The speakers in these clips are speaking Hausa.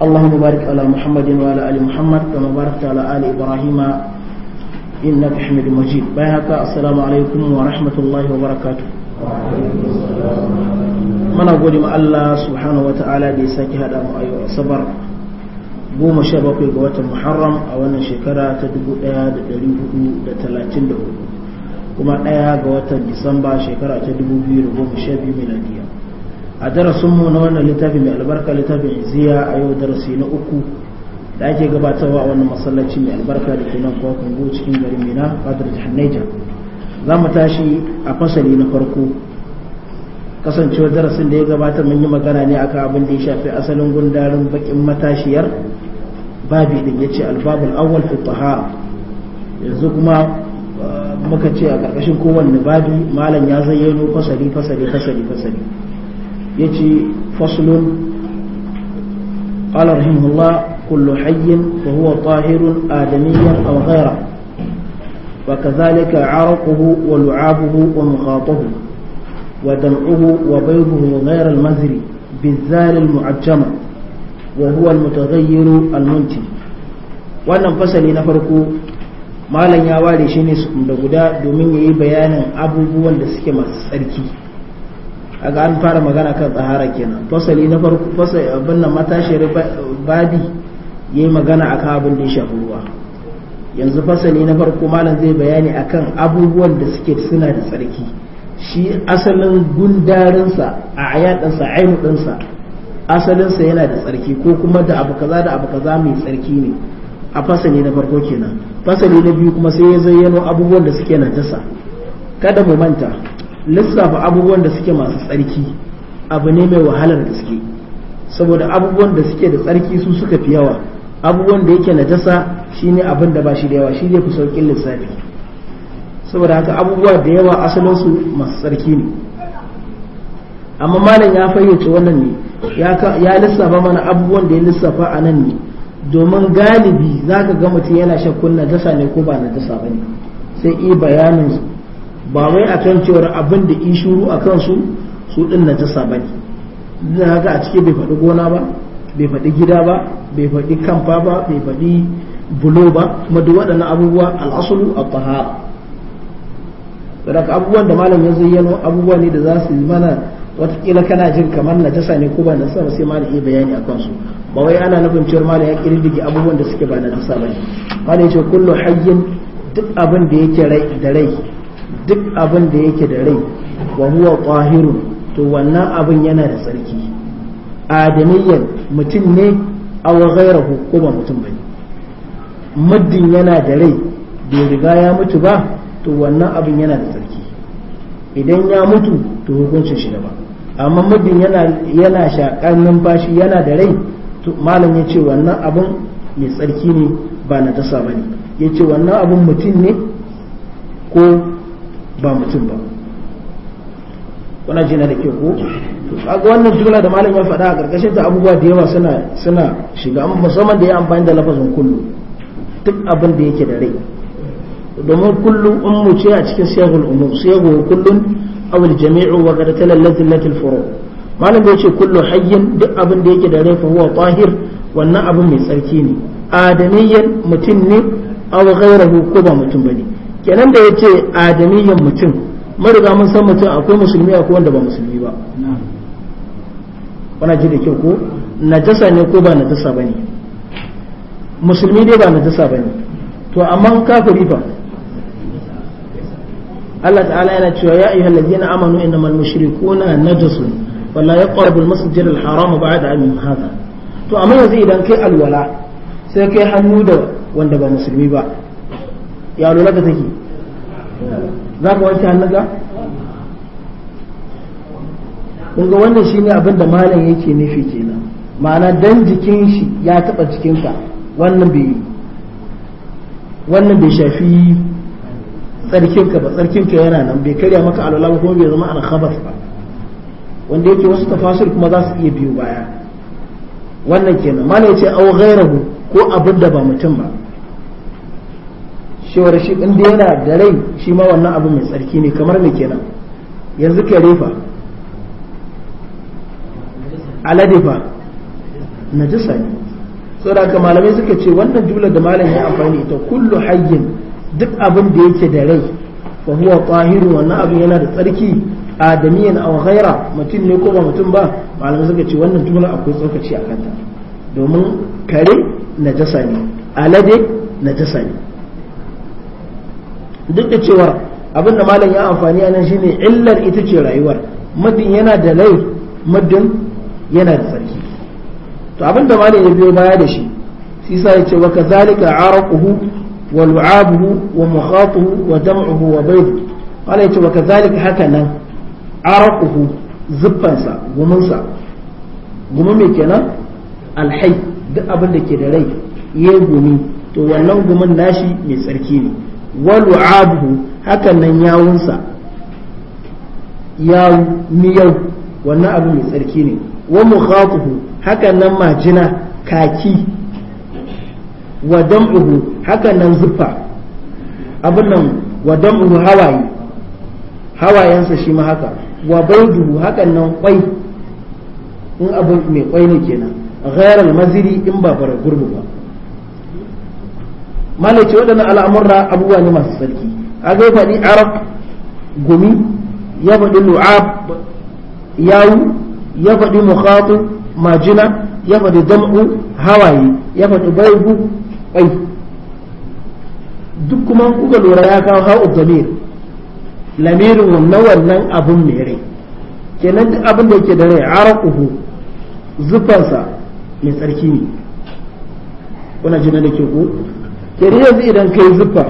اللهم بارك على محمد وعلى آل محمد كما باركت على آل إبراهيم إنك حميد مجيد بايعك السلام عليكم ورحمة الله وبركاته mana gode ma Allah subhanahu wata'ala da ya sake hada mu a yau asabar goma sha bakwai ga watan Muharram a wannan shekara ta dubu ɗaya da ɗari da talatin da kuma ɗaya ga watan Disamba shekara ta dubu biyu miladiya a darasin mu na wannan littafi mai albarka littafin iziya a yau darasi na uku da ake gabatarwa a wannan masallaci mai albarka da ke nan kuwa kungu cikin garin mina fadar jihar za mu tashi a fasali na farko kasancewar darasin da ya gabata mun yi magana ne akan abin da ya shafi asalin gundarin bakin matashiyar babi din ya ce albabul awwal fi tahara yanzu kuma eh, muka ce a ƙarƙashin kowanne babi malam ya zayyano fasali fasali fasali fasali يجي فصل قال رحمه الله كل حي فهو طاهر آدميا أو غيره وكذلك عرقه ولعابه ومخاطه ودمعه وبيضه غير المزري بالذال المعجمة وهو المتغير المنتج wannan fasali na farko malam ya ware shi ne da guda domin ya yi bayanin abubuwan da suke masu tsarki aga an fara magana kan tsahara kenan fasali na farko fasali abin nan matashiyar babi yayi magana akan abin da ya shafi ruwa yanzu fasali na farko malam zai bayani akan abubuwan da suke suna da tsarki shi asalin gundarinsa a ayadansa a ɗinsa asalinsa yana da tsarki ko kuma da abu kaza da abu kaza mai tsarki ne a fasali na farko kenan fasali na biyu kuma sai ya zayyano abubuwan da suke najasa kada mu manta lissafa abubuwan da suke masu tsarki abu ne mai wahalar gaske saboda abubuwan da suke da tsarki su suka fi yawa abubuwan da yake na shi ne abin da ba shi da yawa shi zai fi saukin lissafi saboda haka abubuwa da yawa asalinsu masu tsarki ne amma malam ya fayyace wannan ne ya lissafa mana abubuwan da ya lissafa a nan ne domin galibi za ka ga mutum yana shakkun jasa ne ko ba na jasa ba ne sai iya bayanin ba wai kan cewar abin da in shuru a kansu su din ba ne, da haka a ciki bai faɗi gona ba bai faɗi gida ba bai faɗi kamfa ba bai faɗi bulo ba kuma duk waɗannan abubuwa al'asulu a tahara daga abubuwan da malam ya zayyano abubuwa ne da za su yi mana watakila kana jin kamar na jasa ne ko ba na ba sai malam iya bayani a su ba wai ana nufin cewar malam ya kirdige abubuwan da suke ba najasa ba ne malam ya ce kullum hayyin duk abin da yake rai da rai duk abin da yake da rai wa huwa qahirun to wannan abin yana da tsarki adamiyyan mutum ne aw ghayrahu ko ba mutum bane muddin yana da rai bai riga ya mutu ba to wannan abin yana da tsarki idan ya mutu to hukuncin shi da ba. amma muddin yana yana shakan numfashi yana da rai to malam ya ce wannan abin mai tsarki ne ba na tasa bane ya ce wannan abin mutum ne ko ba mutum ba kuna jina da ke ko kaga wannan jumla da malam ya faɗa a ƙarƙashin ta abubuwa da yawa suna suna shiga musamman da ya amfani da lafazin kullu duk abin da yake da rai domin kullu ummu ce a cikin siyagul umur siyagu kullun aw al jami'u wa qad talallati lati furu malam ya ce kullu hayyin duk abin da yake da rai fa huwa tahir wannan abin mai tsarki ne adamiyyan mutum ne aw ghayruhu ko ba mutum bane kenan da yace adamiyyan mutum mariga mun san mutum akwai musulmi akwai wanda ba musulmi ba wana ji da kyau ko najasa ne ko ba najasa bane musulmi dai ba najasa bane to amma kafiri ba. Allah ta'ala yana cewa ya ayyuhal ladina amanu innamal mushrikuna najasun wala yaqrabu al-masjid al-haram ba'da an hadha to amma yanzu idan kai alwala sai kai hannu da wanda ba musulmi ba ya lura da take za ka wanke hannuka. kun ga wannan shi ne abinda malam yake nufi kenan ma'ana dan jikin shi ya taba jikinka wannan bai wannan bai shafi tsarkinka ba tsarkinka yana nan bai karya maka alwala ba kuma bai zama an khabas ba wanda yake wasu tafasir kuma za su iya biyo baya wannan kenan malam ce au ghairahu ko abin da ba mutum ba cewar shi in da yana da rai shi ma wannan abu mai tsarki ne kamar me kenan yanzu kare fa alade fa jisa ne saboda haka malamai suka ce wannan jumla da malam ya amfani ita kullu hayyin duk abin da yake da rai fa huwa tahiru wannan abu yana da tsarki adamiyan aw ghaira mutum ne ko ba mutum ba malamai suka ce wannan jumla akwai tsokaci a kanta domin kare najasa ne alade najasa ne duk da cewa abin da malam ya amfani a nan shine illar ita ce rayuwar muddin yana da lai muddin yana da sarki to abin da malam ya biyo baya da shi sai sa ya ce wa kazalika arquhu wa lu'abuhu wa mukhatuhu wa dam'uhu wa baydu malam ya ce wa kazalika haka nan arquhu zuffansa gumunsa gumi mai kenan alhai duk abin da ke da rai yayi gumi to wannan gumin nashi mai tsarki ne wa lu'abuhu hakan nan yawunsa yawu miyau wannan abu mai tsarki ne wa mukhatuhu hakan nan majina kaki wa dam'uhu hakan nan zuffa abin nan wa dam'uhu hawaye hawayensa shi ma haka wa baiduhu hakan nan kwai in abu mai kwai ne kenan ghairal maziri in ba bara gurbu ba malaki waɗannan al'amurra abubuwa ne masu sarki aga faɗi arab gumi ya faɗi lu'ab yawu ya faɗi mukhatu majina ya faɗi dam'u hawaye ya faɗi baibu ƙai duk kuma kuka lura ya kawo ha'u zamir lamirin wannan wannan abun mai kenan duk abin da yake da rai araquhu zufansa mai tsarki ne kuna jina da ke ku. kiri yanzu idan kai zufa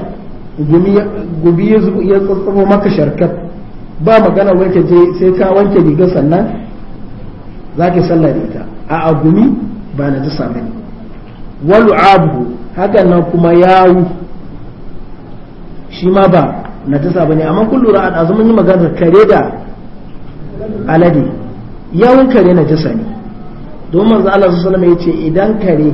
gubi ya tsatsamo maka sharkar ba magana wanke je sai ka wanke riga sannan za ka salla da ita a agumi ba na jisa bane walu abu hakan nan kuma yawu shi ma ba na jisa ne amma kun lura a mun yi magana kare da alade yawun kare na jisa ne domin manzo su salama ya ce idan kare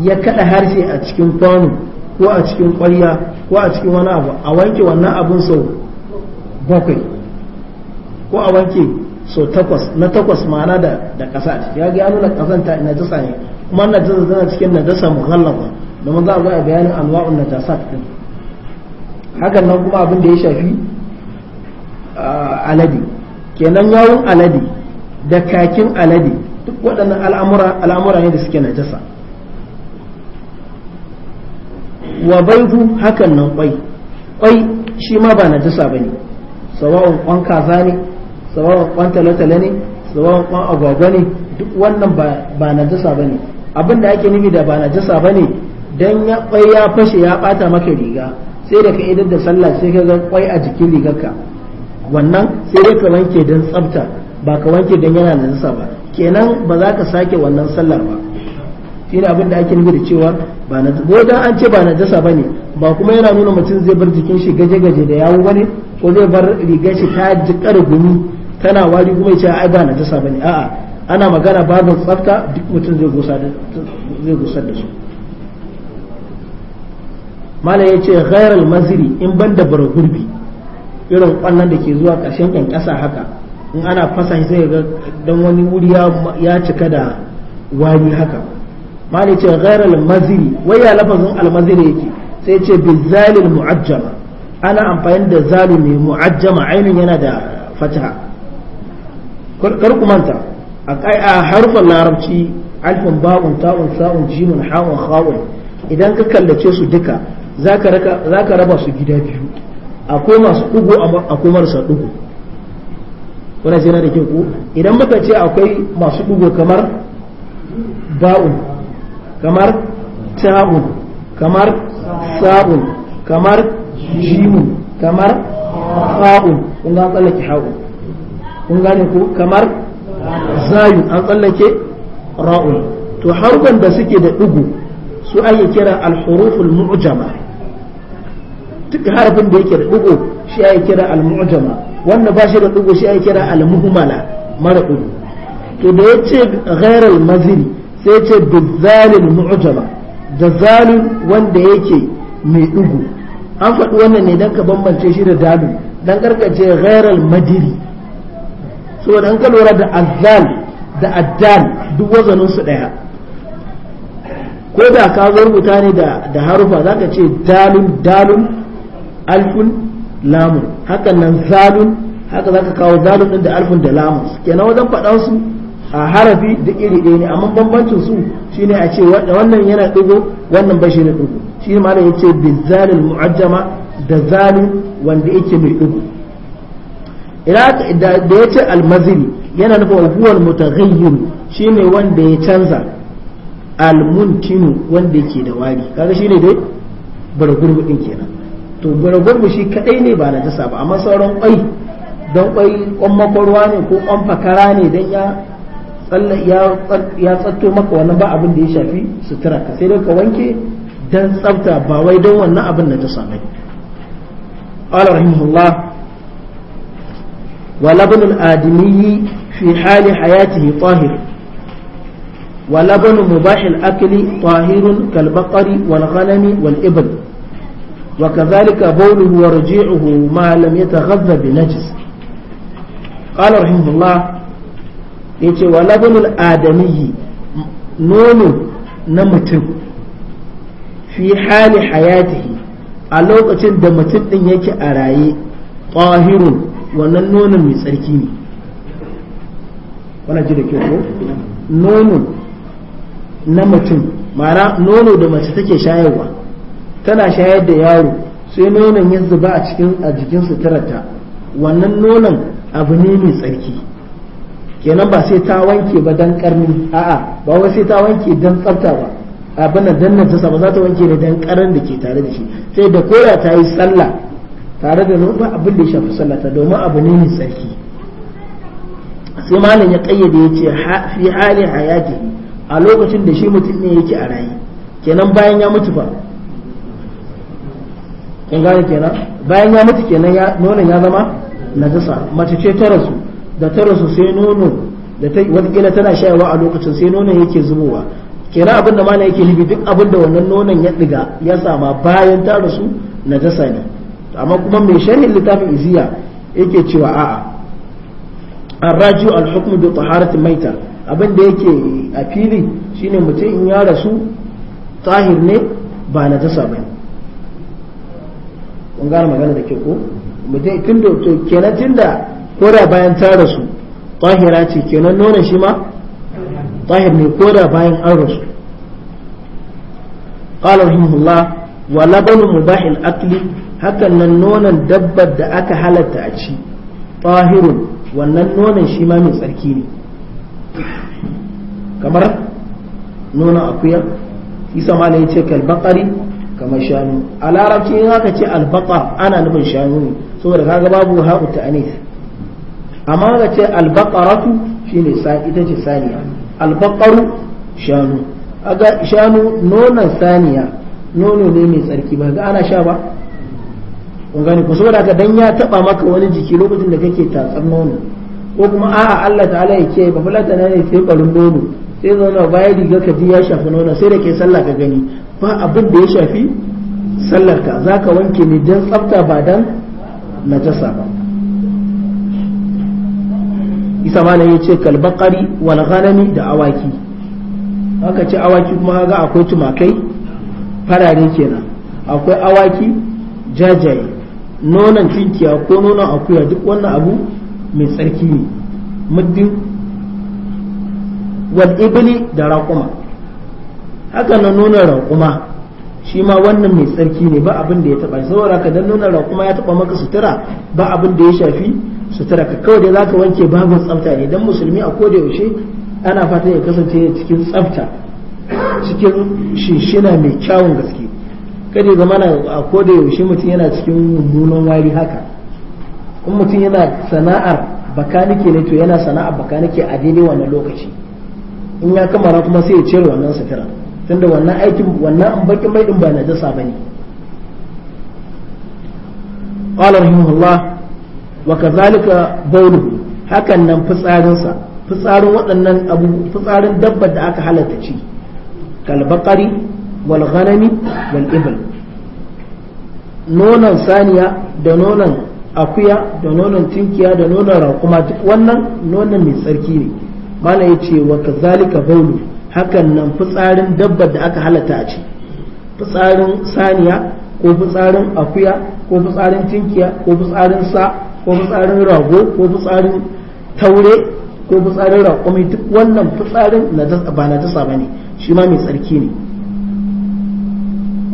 ya kaɗa harshe a cikin kwanu. ko a cikin ƙwarya ko a cikin wani abu a wanke wannan abun sau bakwai ko a wanke sau takwas na takwas ma'ana da da ƙasa ya ga nuna ƙasanta na jasa ne kuma na jasa tana cikin na jasa muhallafa domin za a zo a bayanin anwa'un na jasa din hakan nan kuma abin da ya shafi alade kenan yawon alade da kakin alade duk waɗannan al'amura ne da suke najasa wa baihu hakan nan kwai kwai shi ma ba najasa bane sawa'un kwan kaza ne sawa'un kwan talatala ne sawa'un kwan agwagwa ne duk wannan ba najasa bane abin da ake nufi da ba najasa bane dan ya kwai ya fashe ya bata maka riga sai da ka idar da sallah sai ka ga kwai a jikin rigarka wannan sai dai ka wanke dan tsafta ba ka wanke dan yana najasa ba kenan ba za ka sake wannan sallar ba shine abin da ake nufi da cewa ba na ko dan an ce ba na jasa bane ba kuma yana nuna mutum zai bar jikin shi gaje gaje da yawo bane ko zai bar riga shi ta jikar gumi tana wari kuma ya ce ai ba na jasa bane a'a ana magana babu tsafta duk mutum zai gusa da zai gusar da su malam ya ce ghairal maziri in ban da bara gurbi irin kwallon da ke zuwa karshen kan ƙasa haka in ana fasa zai ga dan wani wuri ya cika da wari haka ma ne ce ghairar maziri wai ya lafazin almaziri yake sai ce bizalil mu'ajjama ana amfani da zalu ne mu'ajjama ainihin yana da fataha kar ku manta a harfan larabci alfin ba'un ta'un sa'un jimun hawun hawun idan ka kallace su duka za ka raba su gida biyu akwai masu ɗugu akwai marasa ɗugu wani da ke idan muka ce akwai masu ɗugu kamar ba'un kamar ta'un kamar sa'un kamar jimun kamar fa'un kun ga tsallake ha'un kun gane ko kamar zayu an tsallake ra'un to harfan da suke da ɗugu su ake kira al-huruful mu'jama duk harfin da yake da ɗugu shi ake kira al-mu'jama wanda ba shi da ɗugu shi ake kira al-muhmala mara ɗugu to da yace ghairal maziri sai ce duzzalin mu'jama dazzalin wanda yake mai ɗugu an faɗi wannan ne dan ka bambance shi da dalu dan karkace ghairal madiri saboda an ka lura da azzal da addal duk wazanin su ɗaya ko da ka zo rubuta ne da harufa za ka ce dalun dalun alfun lamu hakan nan zalun haka za ka kawo zalun ɗin da alfun da lamun kenan wajen faɗansu a harafi da iri ɗaya ne amma bambancin su shine a ce wannan yana ɗigo wannan ba shine ɗigo shi ne malam yace bizalil mu'ajjama da zalin wanda yake mai ɗigo da ya ce almazini yana nufin huwal mutaghayyir shine wanda ya canza almuntinu wanda yake da wari kaga shine dai baragurbu din kenan to baragurbu shi kadai ne ba na jasa ba amma sauran kwai don kwai kwan makwarwa ne ko ƙwan fakara ne don ya ya tsatto maka wannan ba abin da ya shafi sutura ka sai dai ka wanke dan tsafta ba wai don wannan abin da ta same قال رحمه الله ولبن الآدمي في حال حياته طاهر ولبن مباح الأكل طاهر كالبقر والغنم والإبل وكذلك بوله ورجيعه ما لم يتغذى بنجس قال رحمه الله yace wa labanul adamiyyi nono na mutum fi hali hayatihi a lokacin da mutum din yake a raye qahirun wannan nonon mai tsarki ne wannan ji da ke ko nono na mutum mara nono da mace take shayarwa tana shayar da yaro sai nonon ya zuba a cikin a jikin suturarta wannan nonon abu ne mai tsarki kenan ba sai ta wanke ba dan karni a'a ba wai sai ta wanke dan tsafta ba abin nan dan najasa ba za ta wanke ne dan karan da ke tare da shi sai da koya ta yi sallah tare da ba abin da ya shafi sallah ta domin abu ne mai tsarki sai malam ya kayyade ya ce fi hali hayati a lokacin da shi mutum ne yake a raye kenan bayan ya mutu fa kenan bayan ya mutu kenan ya nonon ya zama najasa mace ce ta rasu da ta rasu sai nono da ta watakila tana shayarwa a lokacin sai nonon yake zubowa kera abinda da mana yake libi duk abin da wannan nonon ya diga ya sama bayan ta rasu najasa ne amma kuma mai sharhin littafin iziya yake cewa a'a arraju al-hukm bi taharatin maita abin yake a fili shine mutum in ya rasu tahir ne ba na najasa bane kun gane magana da ke ko mutum tun da kenan tun da ko da bayan ta rasu tahira ce kenan nona shi ma tahir ne ko da bayan an rasu qala rahimahullah wa labanu mubahil akli hakan nan nona dabbar da aka halatta a ci tahirun wannan nona shi ma mai tsarki ne kamar nonon akuya isa mala ya ce kalbakari kamar shanu a larabci in aka ce albaka ana nufin shanu ne saboda kaga babu ha'u ta'anis amma ga ce shi shine ita ce saniya albaqaru shanu aga shanu nonon saniya nono ne mai tsarki ba ga ana sha ba kun gani ku saboda haka dan ya taba maka wani jiki lokacin da kake tatsar nono ko kuma a'a Allah ta'ala ya kiyaye ba fulata ne sai barin nono sai zauna baya rigar ka ji ya shafi nono sai da ke sallah ka gani ba abin da ya shafi sallar ka zaka wanke ne dan tsafta ba dan najasa ba isa malam ya ce kalbakari wani da awaki haka ce awaki kuma ga akwai tumakai farare kenan akwai awaki jajaye nonon tinkiya ko nonon akuya duk wannan abu mai tsarki ne muddin wal ibli da raƙuma haka na nonon raƙuma shi ma wannan mai tsarki ne ba abin da ya taɓa saboda ka dan nonon raƙuma ya taɓa maka sutura ba abin da ya shafi sutura ka kawai za ka wanke babin tsafta ne dan musulmi a koda yaushe ana fatan ya kasance cikin tsafta cikin shishina mai kyawun gaske kada ya zama a koda yaushe mutum yana cikin mummunan wari haka kuma mutum yana sana'ar bakanike ne to yana sana'ar bakanike a daidai wannan lokaci in ya kamara kuma sai ya cire wannan sutura tunda wannan aikin wannan bakin mai din ba jasa bane قال رحمه الله wa kazalika bawluhu hakan nan fitsarinsa fitsarin waɗannan abu fitsarin dabbar da aka halatta ci kalbaqari wal ghanami wal ibl nonon saniya da nonon akuya da nonon tinkiya da nonon raƙuma wannan nonon mai tsarki ne malam ya ce wa kazalika baulu hakan nan fitsarin dabbar da aka halatta a ci fitsarin saniya ko fitsarin akuya ko fitsarin tinkiya ko fitsarin sa ko fitsarin rago ko fitsarin taure ko fitsarin raƙumi duk wannan fitsarin ba na dasa ba ne shi ma mai tsarki ne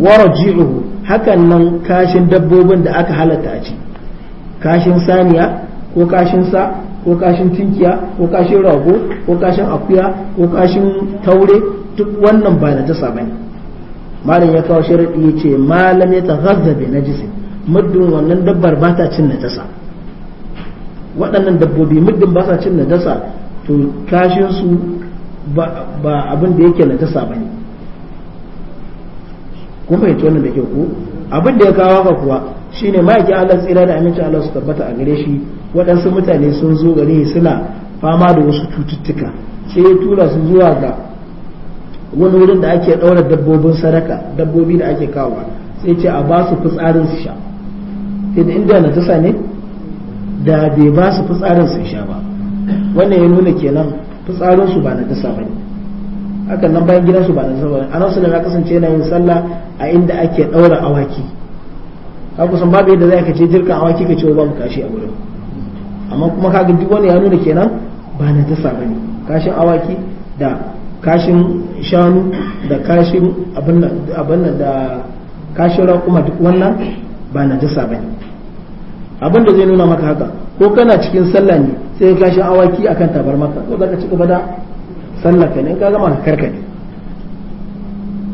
waraji'uhu hakan nan kashin dabbobin da aka halatta a ci kashin saniya ko kashin sa ko kashin tinkiya ko kashin rago ko kashin akuya ko kashin taure duk wannan ba na dasa ba ne malam ya kawo sharaɗi ya ce malam ya ta na jisi muddin wannan dabbar ba ta cin tasa. waɗannan dabbobi muddin ba sa cin najasa to kashin su ba abin da yake najasa ne kuma fahimci wannan da ke ko abin da ya kawo haka kuwa shine ma'aikin Allah tsira da amincin Allah su tabbata a gare shi waɗansu mutane sun zo gari suna fama da wasu cututtuka sai ya tura su zuwa ga wani wurin da ake ɗaura dabbobin sadaka dabbobi da ake kawo sai ce a ba su fitsarin su sha sai inda na tasa ne da bai ba su fitsarin su sha ba wannan ya nuna kenan fitsarin su ba na dasa ba ne hakan nan bayan gidansu ba na dasa ba ne anan suna ya kasance yana yin sallah a inda ake ɗaura awaki ka kusan babu yadda zai ka ce jirkan awaki ka ce babu kashi a wurin amma kuma kaga duk wani ya nuna kenan ba na dasa ba ne kashin awaki da kashin shanu da kashin abin da kashin raƙuma duk wannan ba na dasa ba ne abin da zai nuna maka haka ko kana cikin sallah ne sai ka shi awaki akan tabar maka ko zaka ci gaba da sallah ka ne ka gama karka ne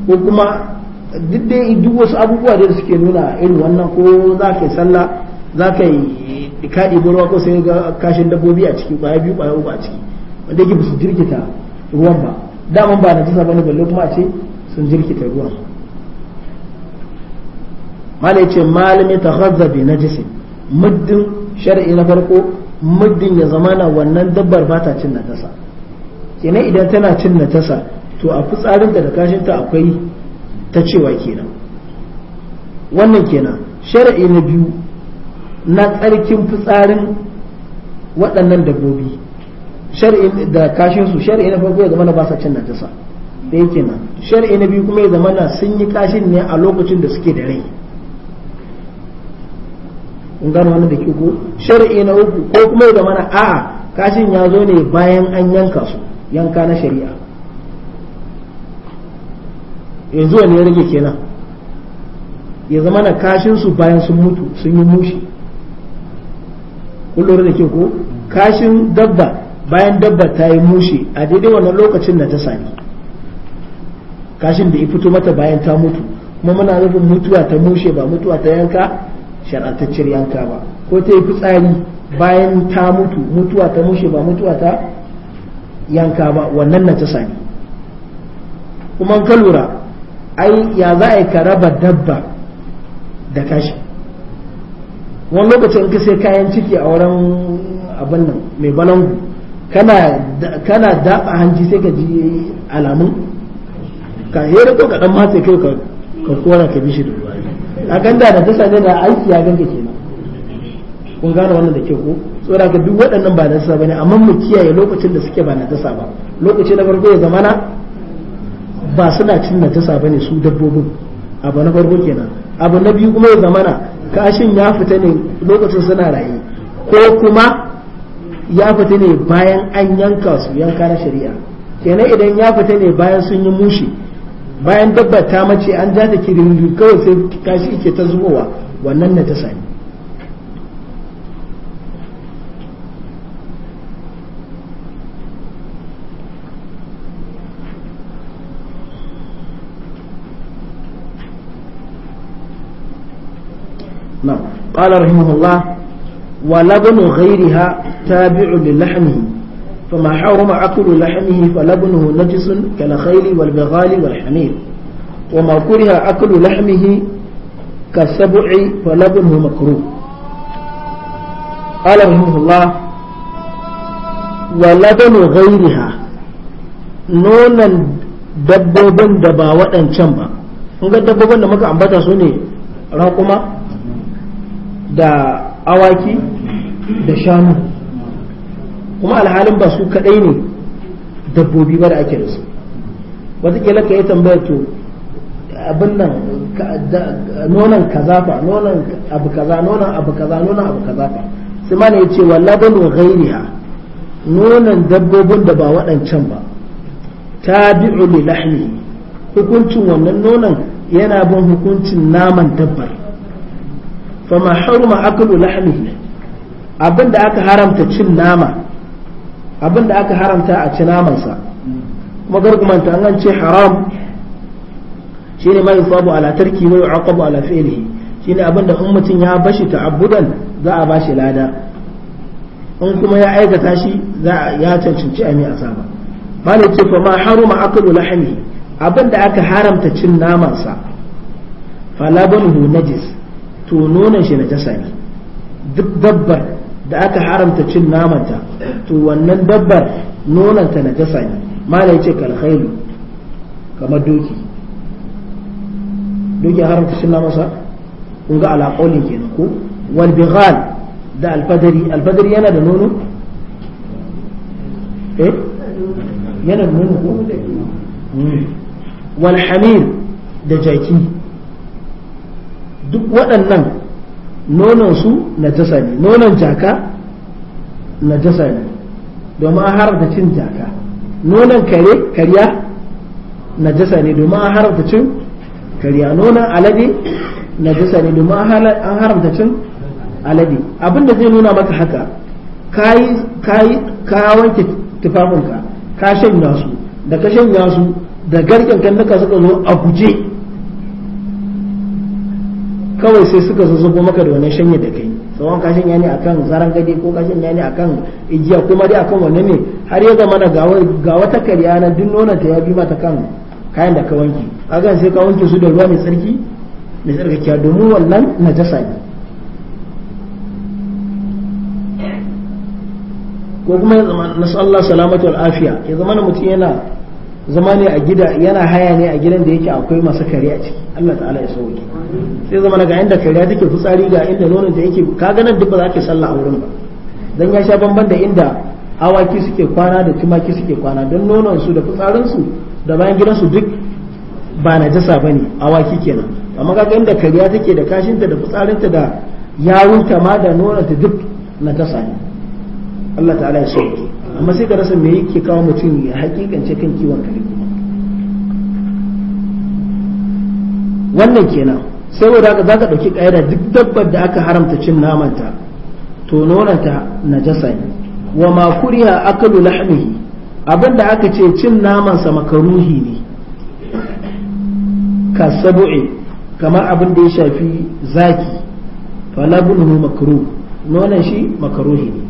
ko kuma duk dai duk wasu abubuwa da suke nuna irin wannan ko za ka yi sallah za ka yi kaɗi ruwa ko sai ga kashin dabbobi a ciki ƙwaya biyu ƙwaya uku a ciki wanda yake ba su jirkita ruwan ba daman ba na jisa ne balle kuma a ce sun jirkita ruwan malai ya ce malami ta bi na jisin muddin shar'i na farko muddin ya zamana wannan dabbar ba ta cin natasa kenan idan tana cin natasa to a fitsarin da kashinta akwai ta cewa kenan wannan kenan shar'i na biyu na tsarkin fitsarin waɗannan dabbobi shar'i da kashinsu shar'i na farko ya zamana ba sa cin natasa da yake nan shar'i na biyu kuma ya zamana sun yi kashin ne a lokacin da suke da rai in gano wani da ko shar'i na uku ko kuma da mana a'a kashin ya zo ne bayan an yanka su yanka na shari'a yanzu wani ya rage kenan ya zama na kashin su bayan sun mutu sun yi mushi Kullum da ke kashin dabba bayan dabba ta yi mushi a daidai wannan lokacin da ta sani kashin da ya fito mata bayan ta mutu kuma muna nufin mutuwa ta mushe ba mutuwa ta yanka shar'antacciyar yanka ba ko ta yi fitsari bayan ta mutu mutuwa ta mushe ba mutuwa ta yanka ba wannan na ta sani kuma ka lura ai ya za a yi ka raba dabba da kashi wani lokacin ka sai kayan ciki a wurin abin nan mai balangu kana daɓa hanci sai ka ji alamun ka hera ko ka dan matse kai ka ka kora ka bi shi da a ganda da dasa ne da aiki ya ganka kenan kun gane wannan da kyau ko saboda ka duk waɗannan ba dasa bane amma mu kiyaye lokacin da suke ba na dasa ba lokaci na farko ya zamana ba suna cin na dasa bane su dabbobin abu na farko kenan abu na biyu kuma ya zamana kashin ya fita ne lokacin suna raye ko kuma ya fita ne bayan an yanka su yanka na shari'a kenan idan ya fita ne bayan sun yi mushi bayan dabba ta mace an ja ta kirin kawai sai kashi yake ta zubowa wannan na ta sani قال رحمه الله ولبن غيرها تابع للحمه فما حرم أكل لحمه فلبنه نجس كالخيل والبغال والحمير وما كره أكل لحمه كالسبع فلبنه مكروه قال رحمه الله ولبن غيرها نونا dabbobin da ba waɗancan ba in ga dabbobin da muka ambata su ne raƙuma da awaki da shanu kuma alhalin ba su kadai ne dabbobi ba da ake da su wataƙila ka yi tambaya to abin nan nonon kaza fa nonon abu kaza nonon abu kaza nonon abu kaza fa sai ma ne ya ce wa labanu ghairiha nonon dabbobin da ba waɗancan ba tabi'u li lahmi hukuncin wannan nonon yana bin hukuncin naman dabbar fa ma haruma aklu lahmi abin da aka haramta cin nama abin da aka haramta a ci namansa kuma gargumanta an ce haram shi ne mai sabu ala tarki wa yu'aqabu ala fi'lihi shi ne abin da in mutum ya bashi ta'abbudan za a bashi lada in kuma ya aikata shi za ya cancanci a mai asaba malai ce fa ma haruma aklu lahmi abin da aka haramta cin namansa falabanuhu najis to nonon shi najasa ne duk dabbar da aka haramta cin namanta to wannan dabbar nonanta na jasa ne mala yace kal khailu kamar doki doki haramta cin namansa kun ga ala qawlin kenan ko wal da alfadari alfadari yana da nono eh yana da nono ko hmm. wal da jaki duk waɗannan nonon su jasa ne nonon jaka jasa ne domin an haramta cin jaka nonon kare kariya jasa ne domin an haramta cin kariya nonon alade jasa ne domin an haramta cin alade abinda zai nuna maka haka kayi ka wanke tufafinka ka shanya su da ka shanya su da garken kan suka zo a guje kawai sai suka zuzzubo maka da wani shanye da kai tsawon ka shanya ne akan zaran gadi ko ka shanya ne akan igiya kuma dai akan wanne ne har ya zama da ga wata karya na duk nonon ta ya bi mata kan kayan da ka wanke kaga sai ka wanke su da ruwa mai tsarki mai tsarkakiya domin wannan najasa ne ko kuma ya zama nasu Allah salamatu al'afiya ya zama mutum yana zama ne a gida yana haya ne a gidan da yake akwai masu kare a ciki Allah ta'ala ya sauke sai zama daga inda kariya take fitsari ga inda nonon ta yake ka ga nan duk ba za ka sallah a wurin ba dan ya sha bamban da inda awaki suke kwana da tumaki suke kwana don nonon su da fitsarin su da bayan gidan su duk ba najasa bane awaki kenan amma ka ga inda kariya take da kashinta da fitsarinta da yarunta ma da nonon ta duk najasa ne Allah ta'ala ya sauke amma sai ka rasa me yake kawo mutum ya hakikance kan kiwon kare wannan kenan saboda haka zaka ɗauki kaida duk dabbar da aka haramta cin namanta to nonanta najasa ne wa ma kuriya akalu lahmihi abinda aka ce cin namansa makaruhi ne ka sabu'i kamar abin da ya shafi zaki falabunhu makruh nonan shi makaruhi ne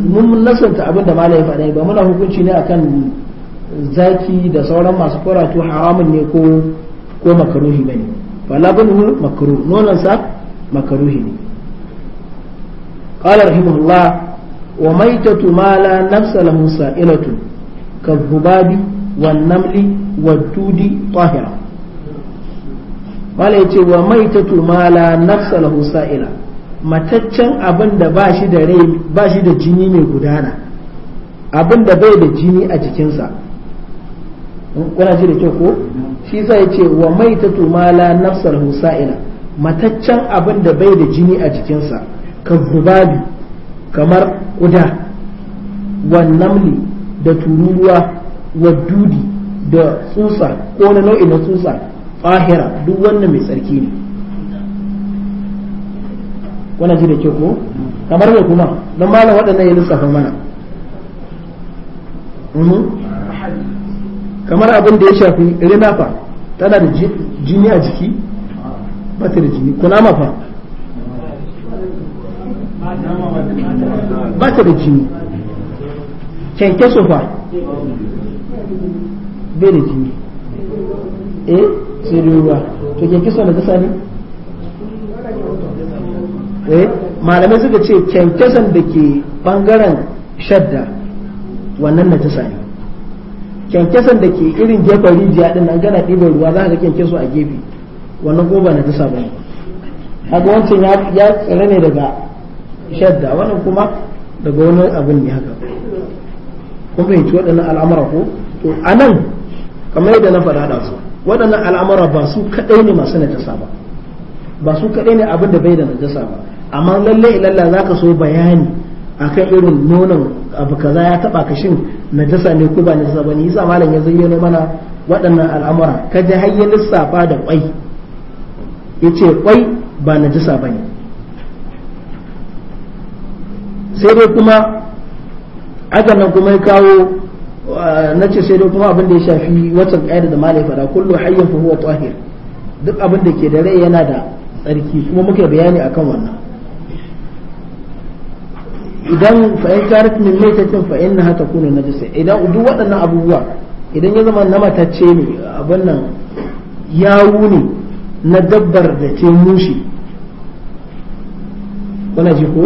mun nasanta abin da malai faɗa ba muna hukunci ne akan zaki da sauran masu karatu haramun ne ko ko makaruhi bane fala bunu makruh nonon sa makaruhi ne qala rahimahullah wa maitatu ma la nafsa lahu sa'ilatu kadhubabi wan namli wa tudi tahira malai ce wa maitatu ma la nafsa mataccen abin da ba shi da rai ba shi da jini mai gudana abin da bai da jini a jikinsa hmm, kuna ji da kyau ko shi sa ya ce wa mai ta tumala nafsar ina mataccen abin da bai da jini a jikinsa ka zubali kamar kuda wa namli da tururuwa wa dudi da tsutsa ko na nau'i na tsutsa Fahira duk wannan mai tsarki ne wannan shi da ke ko kamar ne kuma don malam waɗannan ya lissafa mana mhm. kamar abin da ya shafi rina fa tana da jini a jiki ba ta da jini kunama fa ba ta da jini su fa bai da jini eh sai ruwa to su na ta sani Eh, malamai suka ce kyankyasan da ke bangaren shadda wannan na tisa ne kyankyasan da ke irin gefen rijiya din nan gana ɗibar ruwa za ka kyankyaso a gefe wannan ko ba na tisa ba ne haka wancan ya tsira ne daga shadda wannan kuma daga wani abin ne haka kun fahimci waɗannan al'amura ko to a nan kamar yadda na faɗa da su waɗannan al'amura ba su kaɗai ne masu na tisa ba ba su kaɗai ne abin da bai da najasa ba amma lalle ilalla za ka so bayani akan irin nonon abu kaza ya taɓa ka shin najasa ne ko ba najasa ba ne yasa malam ya zayyano mana waɗannan al'amura ka ji hayyin lissafa da ƙwai ya ce ƙwai ba najasa ba ne sai dai kuma haka nan kuma ya kawo eh, na ce sai dai kuma abin da ya shafi watan ƙayar da malai fara kullum hayyar fa huwa tahir duk abin da ke da rai yana da tsarki kuma muke bayani akan wannan idan fa'in karat min maitatin fa innaha takunu najisa idan duk waɗannan abubuwa idan ya zama na matace ne abin nan yawu ne na dabbar da ce mushi kuna ji ko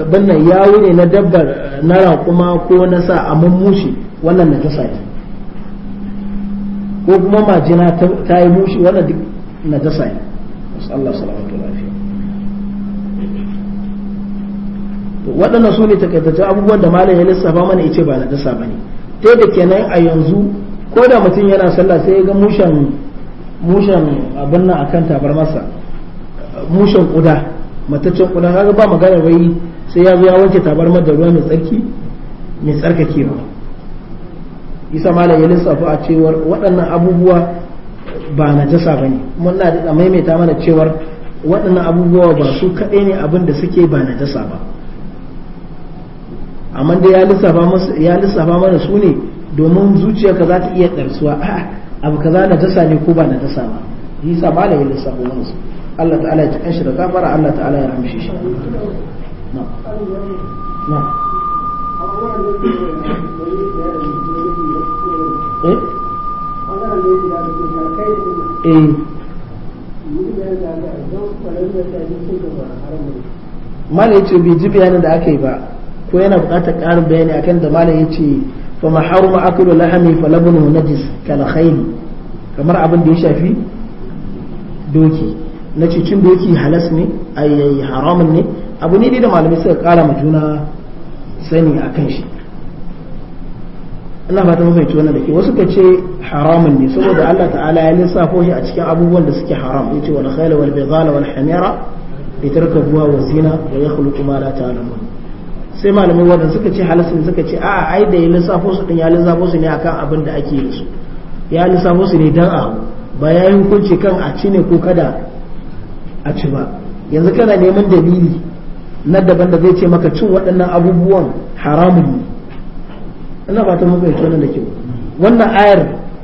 abin nan yawu ne na dabbar na kuma ko na sa a mushi wannan na najasa ne ko kuma majina ta yi mushi wannan duk najasa ne Allah salamatu lafiya to waɗannan su ne takaitaccen abubuwan da malam ya lissafa mana yace ba na dasa bane ta yadda kenan a yanzu ko da mutum yana sallah sai ya ga mushen mushen abin nan akan tabar masa mushen kuda mataccen kuda kaga ba magana wai sai ya zo ya wanke tabar da ruwa mai tsarki mai tsarkakewa isa malam ya lissafa a cewar waɗannan abubuwa ba na jasa bane muna da maimaita mana cewar waɗannan abubuwa ba su kaɗai ne abin da suke ba na jasa ba amma dai ya lissafa mana su ne domin ka za ta iya ɗarsuwa a abu kaza na jasa ne ko ba na jasa ba yi ba da ya lissafa mana su Allah ta'ala ya ci kanshi da kafara Allah ta'ala ya ramshe shi na Eh. malam ya ce bai ji bayanin da aka yi ba ko yana buƙatar ƙarin bayani akan da malam ce fa maharuma akulu lahami fa labnu najis kal kamar abin da ya shafi doki na cin doki halas ne ayyayi haramun ne abu ne da malamai suka ƙara ma juna sani akan shi ina fata mun fahimci wannan da ke wasu ka ce haramun ne saboda Allah ta'ala ya lissafo shi a cikin abubuwan da suke haram yace wal khayla wani bidhala wal hamira buwa wa zina wa yakhluqu ma la ta'lamun sai malamai wadanda suka ce halasin suka ce a'a ai da ya lissafo su din ya lissafo su ne akan abin da ake yi su ya lissafo su ne dan a ba ya yi hukunci kan a ci ne ko kada a ci ba yanzu kana neman dalili na daban da zai ce maka cin waɗannan abubuwan haramun ne ina fata mun bai tona da kyau wannan ayar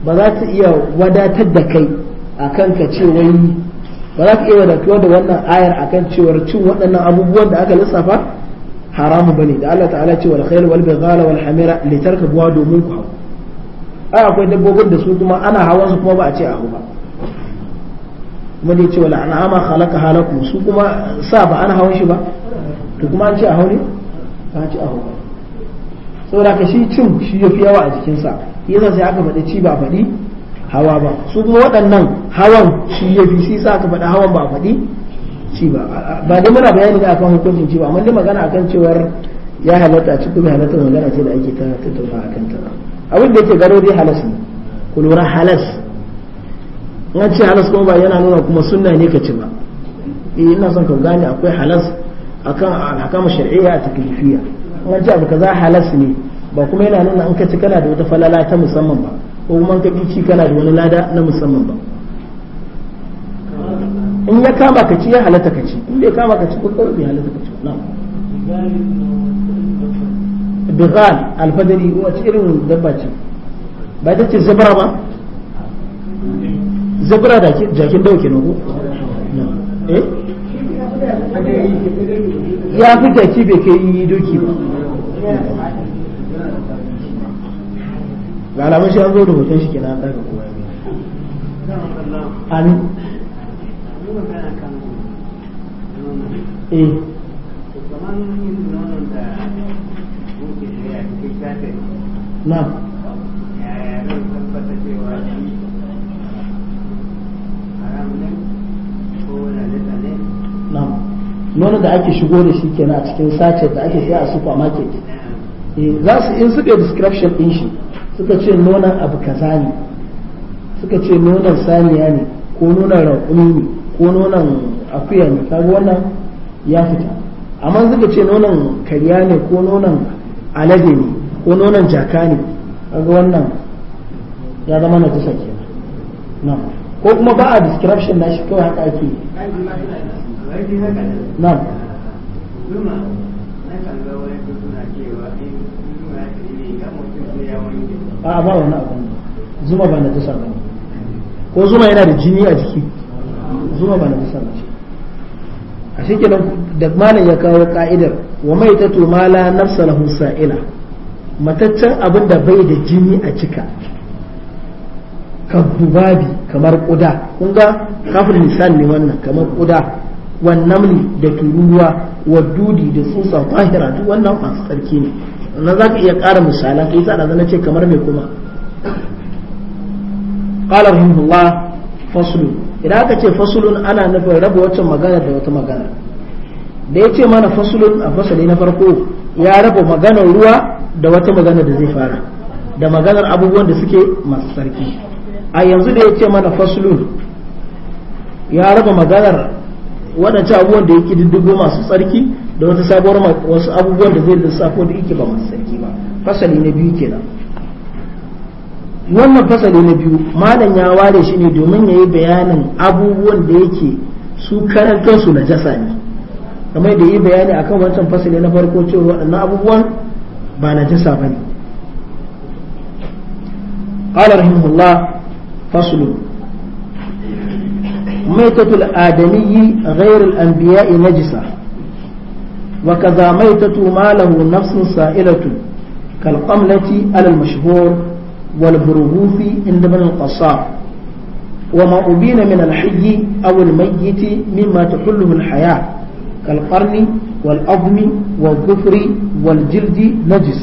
ba za ta iya wadatar da kai a kan ka ce wani ba za ta iya wadatuwa da wannan ayar a kan cewar cin waɗannan abubuwan da aka lissafa haramu bane da Allah ta'ala ce wal khayl wal bighala wal hamira litarkabuha domin ku hau ai akwai dabbobin da su kuma ana hawan su kuma ba a ce a hau ba kuma dai ce wal an'ama khalaqa halakum su kuma sa ba ana hawan shi ba to kuma an ce a hau ne ba a ce a hau saboda ka shi cin shi ya fi yawa a jikinsa yasa sai aka faɗi ci ba faɗi hawa ba su kuma waɗannan hawan shi ya fi shi sa aka faɗi hawan ba faɗi ci ba ba dai muna bayani da akan hukuncin ci ba amma dai magana akan cewar ya halatta a cikin halatta magana ce da ake ta tattauna akan ta abin da yake gado dai halas ne ku lura halas in ce halas kuma ba yana nuna kuma sunna ne ka ci ba eh, ina son ka gane akwai halas akan alhakama shar'iyya a taklifiyya an ce abu kaza halas ne ba kuma yana nuna an kaci kana da wata falala ta musamman ba ko kuma ka ci kana da wani lada na musamman ba in ya kama ka ci ya halatta ka ci in bai kama ka ci ko kawai bai halatta ka ci na'am bigal alfadari wace irin dabba ce ba ta ce zabra ba zabra da jakin dauke kenan ko eh ya fi jaki bai kai yi doki ba ga shi an zo da na eh. nono ake shigo da shi kenan a cikin sachet da ake sai a supermarket Eh, za su in suka description din shi suka ce nonon abu kaza ne suka ce nonon saniya ne ko nonon raƙumi ne ko nonon akuya ne kaga wannan ya fita amma suka ce nonon kariya ne ko nonon alade ne ko nonon jaka ne kaga wannan ya zama na kusa ke na ko kuma ba a description na shi kawai haka ake na a ba wani zuma ba na jisa ba ko zuma yana da jini a jiki zuma ba na jisa ba a shi kenan da malam ya kawo ka'idar wa mai ta tumala la nafsa mataccen abin da bai da jini a cika ka dubabi kamar kuda kun ga kafin nisan ne wannan kamar kuda wannan ne da tururuwa wa dudi da tsutsa tahira duk wannan masu tsarki ne sannan za ka iya ƙara misalan yi sa na ce kamar mai kuma ƙalar rahimahullah faslu idan aka ce fasulun ana nufin raba wacce magana da wata magana da ya ce mana fasulun a fasali na farko ya raba maganar ruwa da wata magana da zai fara da maganar abubuwan da suke masu sarki a yanzu da ya ce mana fasulun ya raba maganar waɗancan abubuwan da ya ƙididdigo masu tsarki da wata sabuwar wasu abubuwan da zai lissafo da ike ba masu sarki ba fasali na biyu kenan wannan fasali na biyu malam ya ware shi ne domin ya yi bayanin abubuwan da yake su karantarsu na jasa ne kamar da yi bayani akan wancan fasali na farko cewa waɗannan abubuwan ba na jasa ba ne قال رحمه الله فصل ميتة الآدمي غير الأنبياء نجسة وكذا ميتة ما له نفس سائلة كالقملة على المشهور والبرغوث عند ابن القصاب وما أبين من الحي أو الميت مما تحله الحياة كالقرن والعظم والظفر والجلد نجس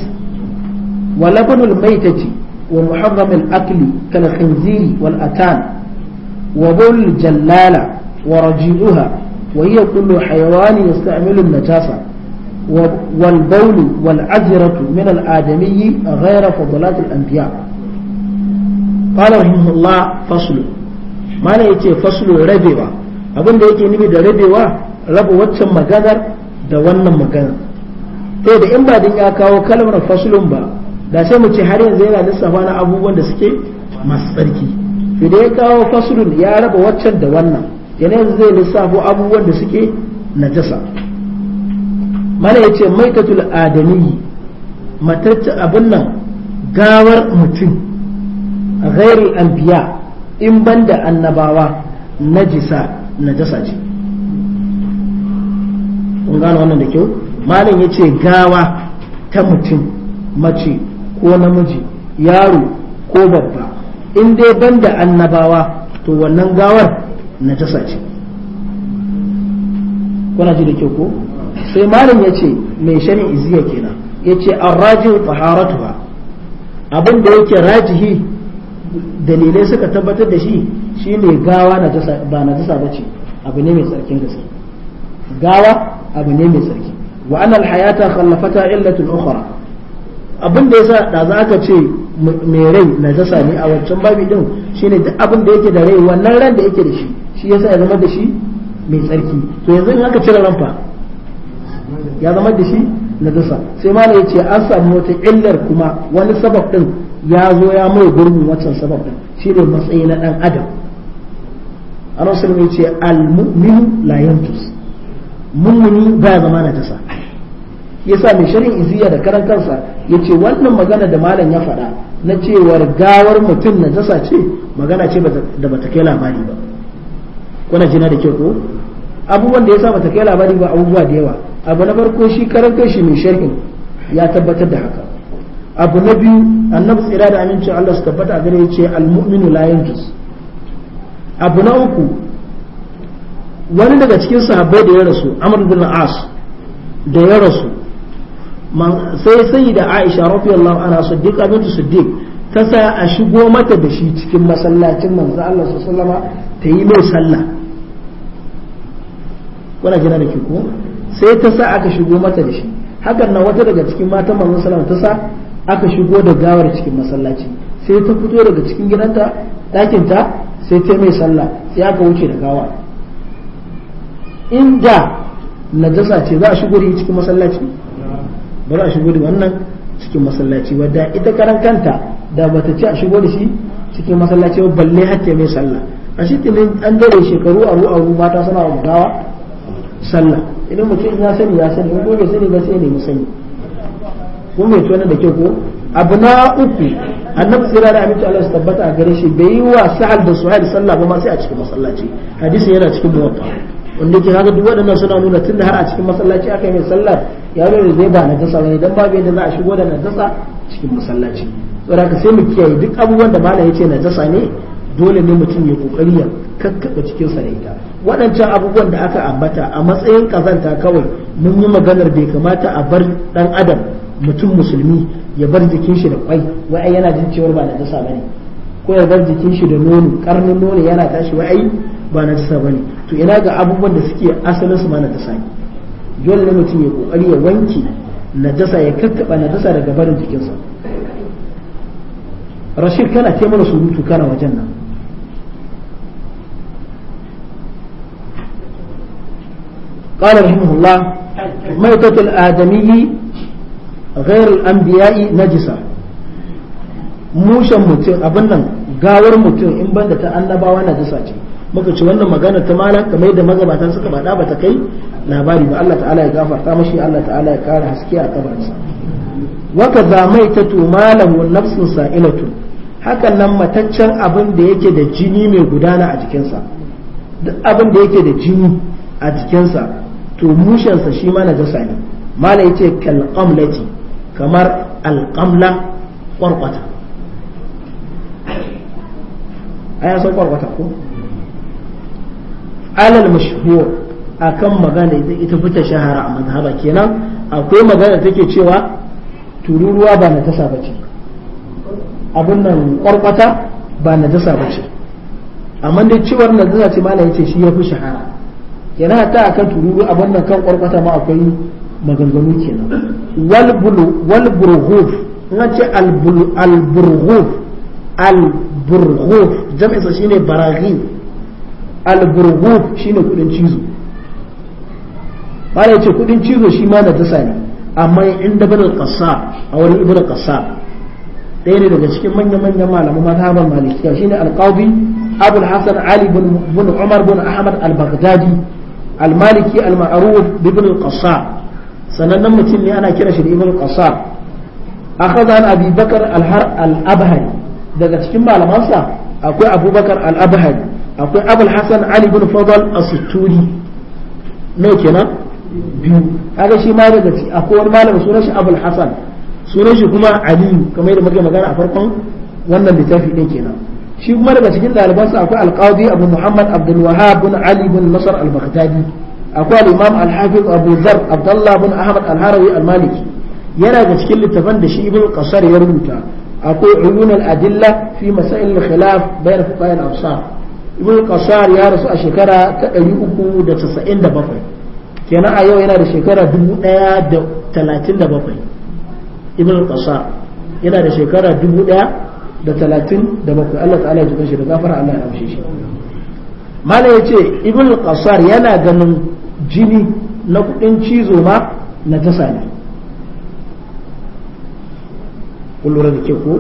ولبن الميتة ومحرم الأكل كالخنزير والأتان وبول الجلالة ورجيئها وهي كل حيوان يستعمل النجاسة والبول والعذرة من الآدمي غير فضلات الأنبياء قال رحمه الله فصل ما لا يتي فصل rabewa abinda da yake nufi da rabewa raba waccan maganar da wannan maganar to da in badin ya kawo kalmar faslun ba da sai mu ce har yanzu yana lissafa na abubuwan da suke masu tsarki ya kawo faslun ya raba waccan da wannan kenan zai lissafo abubuwan da suke najasa mana ya ce maitatul adami matacce abin nan gawar mutum a ghairul anbiya in banda annabawa najisa najasa ce kun gano wannan da kyau malam ya ce gawa ta mutum mace ko namiji yaro ko babba in dai banda annabawa to wannan gawar najasa ce kuna ji da kyau ko sai malam ya ce mai ya iziya kenan ya ce an rajin ba abin da yake rajihi dalilai suka tabbatar da shi shi ne gawa ba na jasa ba ce abu ne mai tsarkin gaske gawa abu ne mai tsarki wa annal hayata khallafata illatul ukhra abin da yasa da za ka ce mai rai na jasa ne a wancan babi din shine duk abin da yake da rai wannan ran da yake da shi shi yasa ya zama da shi mai tsarki to yanzu in aka cire ran ya zama da shi na jasa sai ma ya ce an samu wata illar kuma wani sabab din ya zo ya mai gurbin wancan sabab din shine matsayi na dan adam an wasu ne ce al-mu'minu la yantus mummuni ba zama na jasa yasa mai sharin iziya da karan kansa ce wannan magana da malam ya faɗa na cewar gawar mutum na jasa ce magana ce da bata kai labari ba kuna jina da ke ko abubuwan da yasa bata kai labari ba abubuwa da yawa abu na farko shi karan shi mai sharhin ya tabbatar da haka abu na biyu annabi tsira da amincin Allah su tabbata a gare ce almu'minu la yanjus abu na uku wani daga cikin sahabbai da ya rasu amr na'as as da ya rasu sai sai da Aisha radiyallahu anha Siddiqa bint Siddiq ta sa a shigo mata da shi cikin masallacin manzo Allah sallallahu alaihi ta yi mai sallah kuna jira da ku sai ta sa aka shigo mata da shi hakan nan wata daga cikin matan manzo sallallahu ta sa aka shigo da gawar cikin masallaci sai ta fito daga cikin gidanta ɗakinta sai ta mai sallah sai aka wuce da gawa inda najasa ce za a shigo da cikin masallaci ba a shigo da wannan cikin masallaci wadda ita karan kanta da bata ci a shigo da shi cikin masallaci ba balle hatta mai sallah a shi ne an dare shekaru ruwa aru mata suna wa gawa sallah idan mutum ya sani ya sani ko bai sani ba sai ne mu sani kun mai tona da kyau ko abu na uku annabi tsira da aminci Allah su tabbata a gare shi bai yi wa sahal da suhail sallah ba ma sai a cikin masallaci hadisi yana cikin muwatta wanda ke haka duk waɗannan suna nuna tunda har a cikin masallaci aka yi mai sallah. ya zai ba na najasa ne dan babu yadda za a shigo da na najasa cikin masallaci saboda sai mu kiyaye duk abubuwan da ce yace najasa ne dole ne mutum ya kokari ya kakkaba cikin sa ita waɗancan abubuwan da aka ambata a matsayin kazanta kawai mun yi maganar bai kamata a bar dan adam mutum musulmi ya bar jikin shi da kwai wai ai yana jin cewar ba najasa bane ko ya bar jikin shi da nono karnin nono yana tashi wai ai ba najasa bane to ina ga abubuwan da suke asalin su ma dasa ne dole ne mutum ya ƙoƙari ya wanke najasa ya kakkaba najasa daga barin jikinsa rashid kana ce mana surutu kana wajen nan قال رحمه الله ميتة الآدمي غير الأنبياء نجسة mushen mutum abin nan gawar mutum in banda ta annabawa na jisa ce muka ci wannan maganar ta malam kamar yadda magabatan suka bada ba ta kai labari ba Allah ta'ala ya gafarta mashi Allah ta'ala ya kara haske a kabarinsa wa kaza maitatu malahu nafsin sa'ilatu hakan nan mataccen abin da yake da jini mai gudana a jikinsa duk abin da yake da jini a jikinsa to mushensa shi ma najasa ne mala yace kal qamlati kamar al qamla qarqata aya san qarqata ko alal mashhur akan magana ita fita shahara a mazhaba kenan akwai magana take cewa tururuwa ba na tasa bace abin nan kwarkwata ba na tasa bace amma dai ciwar na tasa ce shi yace shi yafi shahara yana ta akan tururu abin nan kan kwarkwata ma akwai maganganu kenan wal bulu wal burghuf ce al bulu al burghuf al burghuf shine baraghi al burghuf shine kudin cizo mala yace kudin cizo shi ma najasa ne amma in da bin qassa a wurin ibnu qassa ɗaya ne daga cikin manyan manyan malaman mazhabar malikiya shine alqabi abul hasan ali bin umar bin ahmad al-baghdadi al-maliki al-ma'ruf ibn al-qassar sanannen mutum ne ana kira shi da ibn qassar akhadha an abi bakar al-abhari daga cikin malamansa akwai abubakar al-abhari akwai abul hasan ali bin fadl as-suturi me kenan biyu kaga shi ma daga ciki akwai wani malami sunan shi abul hasan sunan shi kuma aliyu kamar yadda muke magana a farkon wannan littafi din kenan shi kuma daga cikin ɗalibansa akwai alqadi abu muhammad abdul wahab bin ali bin nasr al-baghdadi akwai al-imam al-hafiz abu dhar abdullah bin ahmad al-harawi al-maliki yana da cikin littafan da shi ibn qasar ya rubuta akwai ulun al-adilla fi masail al-khilaf bayan fuqaha al-absar ibn qasar ya rasu a shekara ta 397 kenan a yau yana da shekara dubu ɗaya da talatin da bakwai ibn al-qasa yana da shekara dubu ɗaya da talatin da bakwai Allah ta'ala ya jikin shi da gafara Allah ya amshe shi mala ya ce ibn qasar yana ganin jini na kuɗin cizo ma na tasa ne kullura da ke ko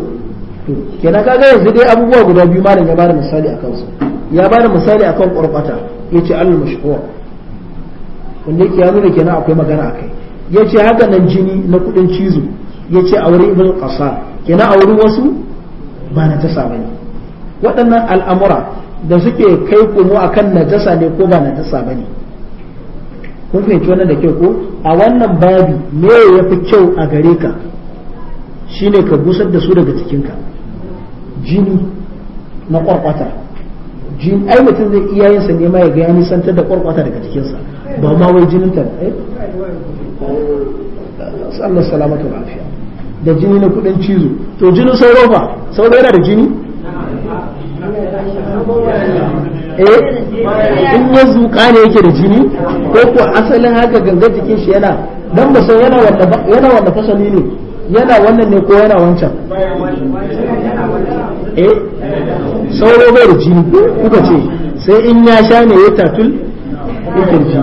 to kenan yanzu dai abubuwa guda biyu malam ya bada misali akan su ya bada misali akan ƙwarƙwata ya ce al mashkur wanda yake ya nuna kenan akwai magana a kai ya ce haka nan jini na kudin cizo ya ce a wurin ibn qasa kenan a wurin wasu ba na tasa ne waɗannan al'amura da suke kai komo akan najasa ne ko ba na ba ne. kun fahimci wannan da kyau ko a wannan babi me yafi kyau a gare ka shine ka busar da su daga cikinka jini na kwarkwata jini ai mutum zai iya yin ne ma ya ga ya nisantar da kwarkwata daga cikinsa. ba ma wai jinin ta eh Allah salamatu lafiya da jini na kudin cizo to jinin sauro fa sauro yana da jini eh in ya zuka ne yake da jini ko ko asalin haka gangar jikin shi yana dan ba san yana wanda yana wanda fasali ne yana wannan ne ko yana wancan eh sauro bai da jini kuka ce sai in ya sha ne ya tatul kirji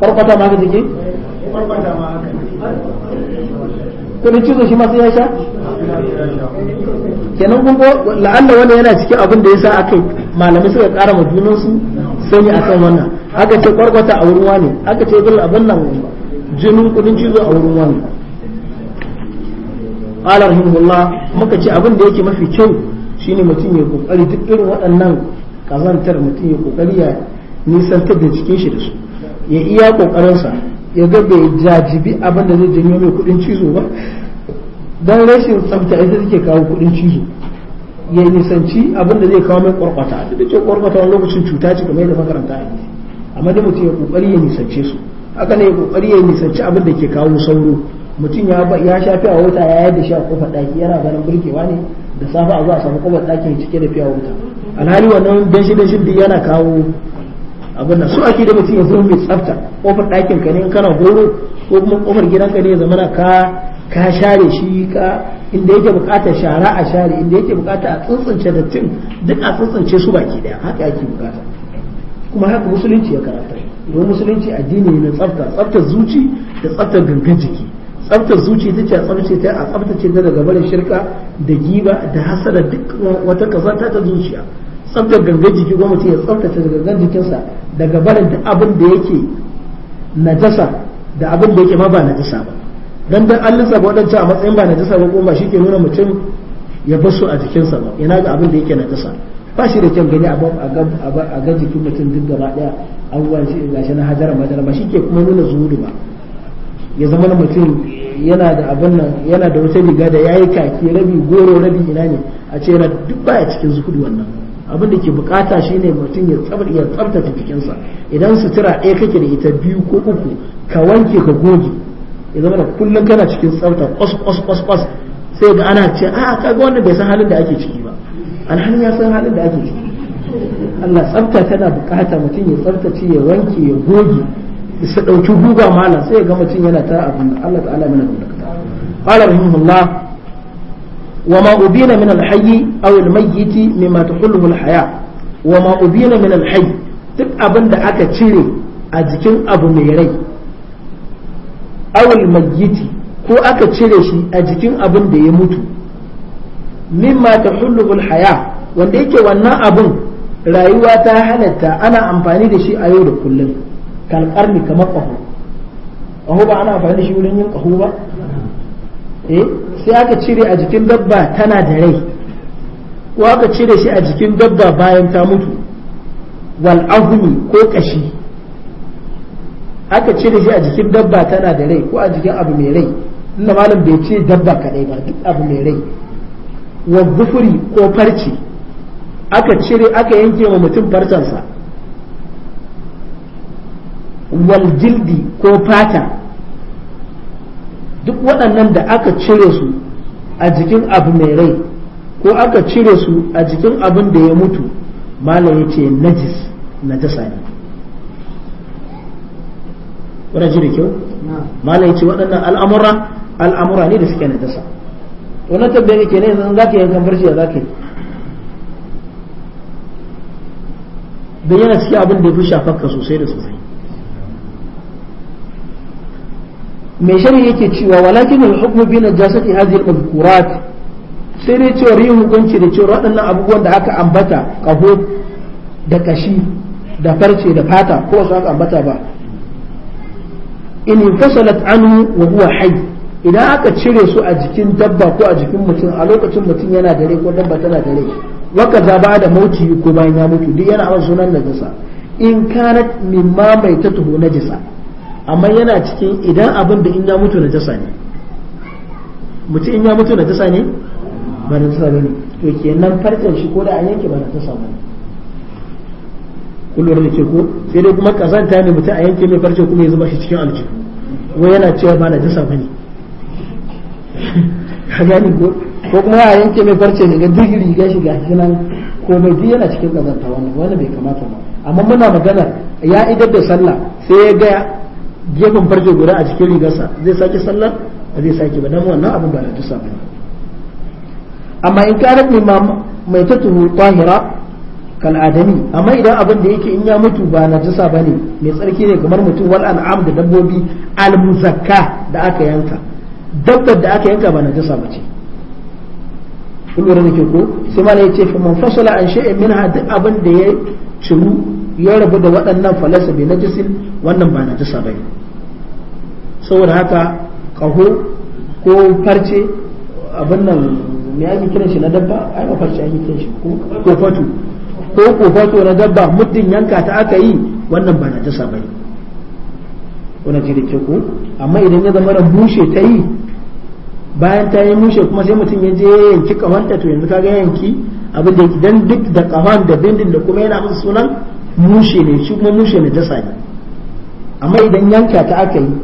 kwarkwata ma haka take kudin cizo shi ma ya sha kenan kun ko la'alla wani yana cikin abin da ya sa aka malamai suka kara ma junan su a akan wannan aka ce kwarkwata a wurin wani aka ce dole abin nan jinin kudin cizo a wurin wani qala rahimullah muka ce abin da yake mafi kyau shine mutum ya kokari duk irin waɗannan kazantar mutum ya kokari ya nisantar da cikin shi da su ya iya kokarinsa ya ga bai jajibi abin da zai janyo mai kudin cizo ba dan rashin tsafta ita take kawo kudin cizo ya nisanci abin da zai kawo mai kwarkwata duk da cewa kwarkwata wani lokacin cuta ce kamar yadda makaranta a yi amma da mutum ya kokari ya nisance su haka ne ya kokari ya nisanci abin da ke kawo sauro mutum ya shafi a wuta ya yadda shi a kofar daki yana ganin burkewa ne da safe a zuwa samu kofar daki cike da fiya wuta alhali wannan danshi da duk yana kawo abin nan su ake da mutum ya zo mai tsafta kofar ɗakin ka ne in kana horo ko kuma kofar gidanka ne ya zama ka ka share shi ka inda yake bukata shara a share inda yake bukata a tsuntsunce dattin duk a tsuntsunce su baki daya haka ake bukata kuma haka musulunci ya karanta don musulunci addini ne na tsafta tsaftar zuci da tsaftar gangan jiki tsaftar zuci ita ce a tsaftace ta a tsaftace ta daga barin shirka da giba da hasada duk wata kazanta ta zuciya tsaftar gangan jiki ko mutum ya tsaftace gangan jikinsa daga barin da abin da yake najasa da abin da yake ma ba najasa ba dan dan an lissafa wadancan a matsayin ba najasa ba kuma shi ke nuna mutum ya bar su a jikinsa ba yana ga abin da yake najasa ba shi da kyan gani a ga jikin mutum duk gaba daya abubuwan shi gashi na hajara madara ba shi ke kuma nuna zuhudu ba ya zama na mutum yana da abin nan yana da wata riga da yayi kaki rabi goro rabi ina ne a ce yana duk baya cikin zuhudu wannan abin da ke bukata shine mutum ya tsabtace jikinsa idan sutura ɗaya kake da ita biyu ko uku ka wanke ka goge ya zama da kullum kana cikin tsabta kwas kwas kwas sai ga ana ce a ah, kaga wannan bai san halin da ake ciki ba alhali ya san halin da ake ciki Allah tsabta tana bukata mutum ya tsabtace ya wanke ya goge su ɗauki guga malam sai ga mutum yana ta abin Allah ta'ala mana da kata qala rahimahullah وما أبين من الحي أو الميت مما تحله الحياة وما أبين من الحي duk abin da aka cire a jikin abu mai rai awul mayyiti ko aka cire shi a jikin abin da ya mutu mimma ta hulubul haya wanda yake wannan abin rayuwa ta halatta ana amfani da shi a yau da kullum kalkarni kamar ƙaho ƙaho ba ana amfani da shi wurin yin ƙaho ba e sai aka cire a jikin dabba tana da rai ko aka cire shi a jikin dabba bayan ta mutu wal ko kashi aka cire shi a jikin dabba tana da rai ko a jikin abu mai rai inda malam bai ce dabba kadai ba duk abu mai rai wa zufuri ko farce aka cire aka yanke wa mutum farcensa wal jildi ko fata duk waɗannan da aka cire su a jikin abu mai rai ko aka cire su a jikin abin da ya mutu malam ya ce najis jasa ne wadda ji da kyau malam ya ce waɗannan al'amura al'amura ne da suke na jasa wannan tabbiyar ke ne yanzu za ka yankan barci da za ka yi don yana cikin abin da ya fi shafarka sosai da sosai mai shari yake cewa walakin al-hukmu bi najasati hadhihi al kurat sai dai cewa yin hukunci da cewa waɗannan abubuwan da aka ambata kaho da kashi da farce da fata ko su aka ambata ba in fasalat anhu wa huwa hayy idan aka cire su a jikin dabba ko a jikin mutum a lokacin mutum yana da rai ko dabba tana da rai waka za ba da mauti ko bayan ya mutu duk yana amsa sunan najasa in kanat mimma mai na najasa amma yana cikin idan abin da in ya mutu na jasa ne mutum in ya mutu na jasa ne ba na jasa ne to kenan farcen shi ko da an yanke ba na jasa ba kullum da ke ko sai dai kuma kazanta ne mutum a yanke mai farcen kuma ya zuba shi cikin aljihu wai yana cewa ba na jasa ba ne ka ko ko kuma a yanke mai farce ne ga duk riga shi ga nan ko mai duk yana cikin kazanta wannan wani bai kamata ba amma muna magana ya idar da sallah sai ya ga gefen farce guda a cikin rigarsa zai sake sallar ba zai sake ba don wannan abin ba na tusa ba amma in karat ma mai ta tuhu tahira kan adami amma idan abin da yake in ya mutu ba na tusa bane mai tsarki ne kamar mutum wal an'am da dabbobi al da aka yanka dabbar da aka yanka ba na tusa ba kun lura da ke ko sai ma ya ce fa man fasala an shay'in minha duk abin da ya ciru ya rabu da waɗannan falasa bi najisin wannan ba na jisa bai saboda haka ƙaho ko farce abin nan me ake kiran shi na dabba ai ba farce ake kiran shi ko fatu ko ko fatu na dabba muddin yanka ta aka yi wannan ba na jisa bai wani jirgin ke ko amma idan ya zama da bushe ta yi bayan ta yi mushe kuma sai mutum ya je ya yanki kawanta to yanzu kaga yanki abin da dan duk da kawan da bindin da kuma yana musu sunan mushe ne shi kuma mushe ne ta ne amma idan yanka ta aka yi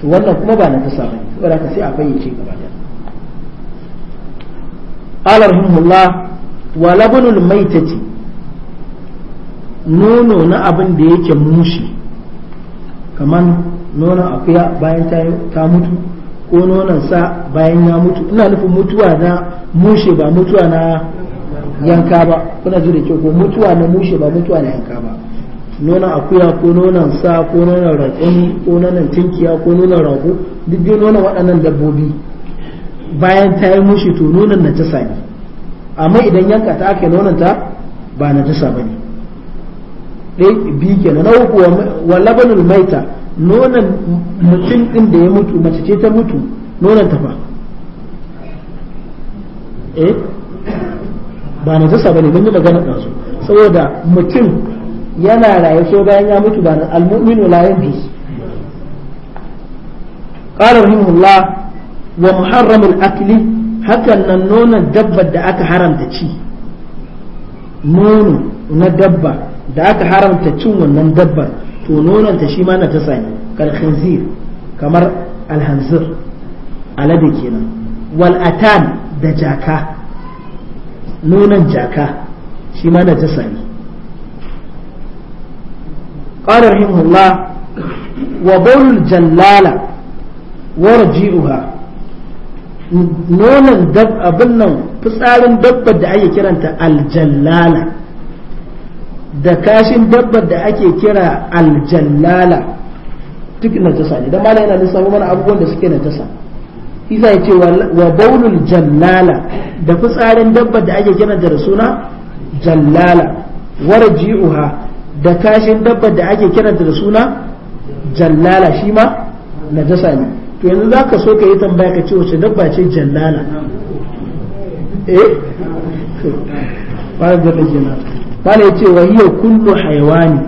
to wannan kuma ba na jasa ba ne saboda ka sai a fayyace gaba da Allah rahimahullah wa labanul maitati nono na abin da yake mushi kamar nonon akuya bayan ta mutu ko nonon sa bayan ya mutu ina nufin mutuwa na mushe ba mutuwa na yanka ba kuna ji da ko mutuwa na mushe ba mutuwa na yanka ba nonon akuya ko nonon sa ko nonon raƙumi ko nonon tinkiya ko nonon rago duk dai nonon waɗannan dabbobi bayan ta yi mushe to nonon na tasa ne amma idan yanka ta aka nonon ta ba na tasa ba ne ɗai Bi kenan na uku wa labanul maita nonon mutum ɗin da ya mutu mace ce ta mutu nonon ta fa eh ba na jasa bane mun yi magana da saboda mutum yana raye so bayan ya mutu ba na almu'minu la Karar qala rahimahullah wa muharramin akli hakan nan nonon dabbar da aka haramta ci nono na dabba da aka haramta cin wannan dabbar to nononta shi ma na ta ne kal khinzir kamar alhanzir alade kenan wal atan da jaka nunan jaka shi ma najasa ne qala rahimahullah wa bawl jallala wa raji'uha nonon dab abin nan fitsarin dabbar da ake kiranta aljallala da kashin dabbar da ake kira aljallala duk najasa ne da malai yana lissafo mana abubuwan da suke najasa isa ya ce wa baulul jallala da fitsarin dabbar da ake kira da suna jallala ji'uha da kashin dabbar da ake kira da suna jallala shi ma najasa ne to yanzu za ka so ka yi tambaya ka ce wace dabba ce jallala eh ba da kenan bala ya ce wa hiya kullu hayawani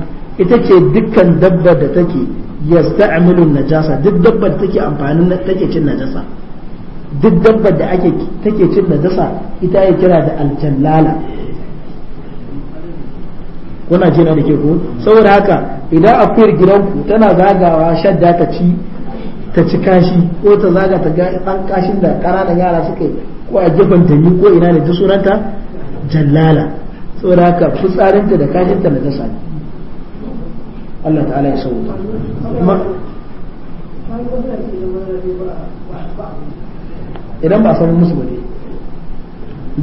ita ce dukkan dabba da take yasta'milu najasa duk dabbar take amfanin take cin najasa duk dabbar da ake take cin dasa ita ya kira da aljallala kuna jina da ke ko saboda haka idan akuyar gidanku tana zagawa shadda ta ci ta ci kashi ko ta zaga ta ga ɗan kashin da ƙananan yara suka yi ko a gefen tani ko ina ne ji sunanta jallala saboda haka fitsarinta da kashinta na dasa. Allah ta'ala ya sauka idan ba san musu bane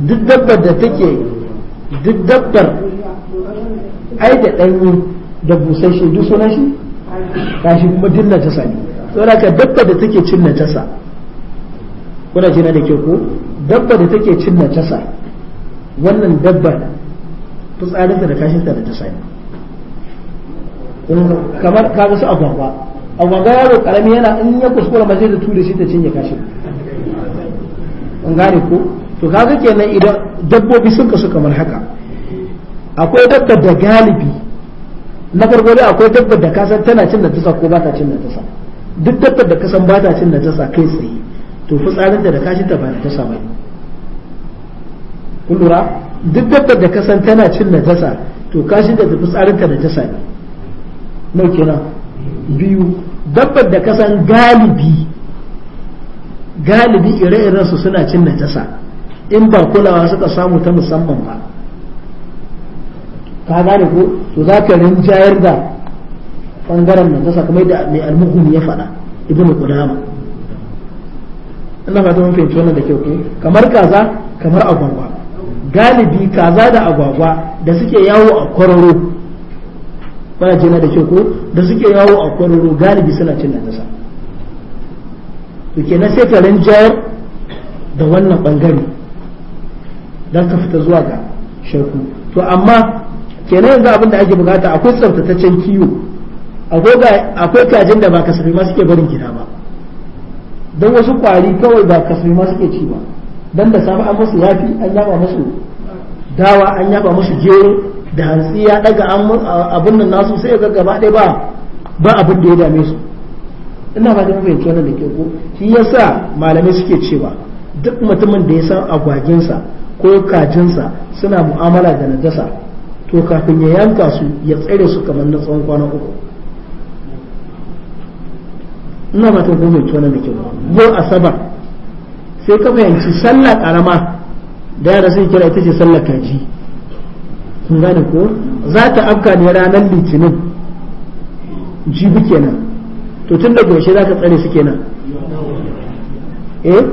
duk dabbar da take duk dabbar ai da ɗanyi da busasshe duk sunan shi kashi kuma duk na tasa ne saboda ka dabba da take cin na tasa kuna jina da ke ko dabba da take cin na tasa wannan dabba fitsarinta da kashinta da tasa ne kamar ga su agwagwa agwagwa yaro karami yana in ya kuskura ma zai da tura shi ta cinye kashin an gane ko to kaga kenan idan dabbobi sun kasu kamar haka akwai dabba da galibi na farko dai akwai dabba da kasan tana cin najasa ko ba ta cin najasa duk dabba da kasan ba ta cin najasa kai tsaye to fitsarinta da kashinta ba najasa ba ne kun lura duk dabbar da kasan tana cin najasa to kashi da ta da najasa ne nau kenan biyu dabbar da kasan galibi galibi ire-iren su suna cin najasa in ba kulawa suka samu ta musamman ba ka gane ko to za ka rinjayar da ɓangaren najasa kamar yadda mai almuhun ya faɗa ibnu kudama ina fata mun fahimci wannan da kyau ko kamar kaza kamar agwagwa galibi kaza da agwagwa da suke yawo a kwararo ba jina da kyau ko da suke yawo a kwararo galibi suna cin najasa to na sai ka rinjayar da wannan bangare don ka fita zuwa ga shakku to amma kenan yanzu abin da ake bukata akwai tsaftataccen kiwo akwai kajin da ba kasafai ma suke barin gida ba don wasu kwari kawai ba kasafai ma suke ci ba don da safe an musu yafi an yaba masu dawa an yaba musu jero da hantsi ya daga abin nan nasu sai ga gaba ɗaya ba ba abin da ya dame su ina ba da fahimci wannan da ke ko shi yasa malamai suke cewa duk mutumin da ya san agwaginsa ko kajinsa suna mu'amala da najasa to kafin ya yanka su ya tsare su kamar na tsawon kwana uku ina ba ta fahimci wannan da ke ko yau asabar sai ka fahimci sallah karama da yara sai kira ita ce sallar kaji kun gane ko za ta afka ne ranar litinin jibi kenan to tun da goshe za ka tsare su kenan eh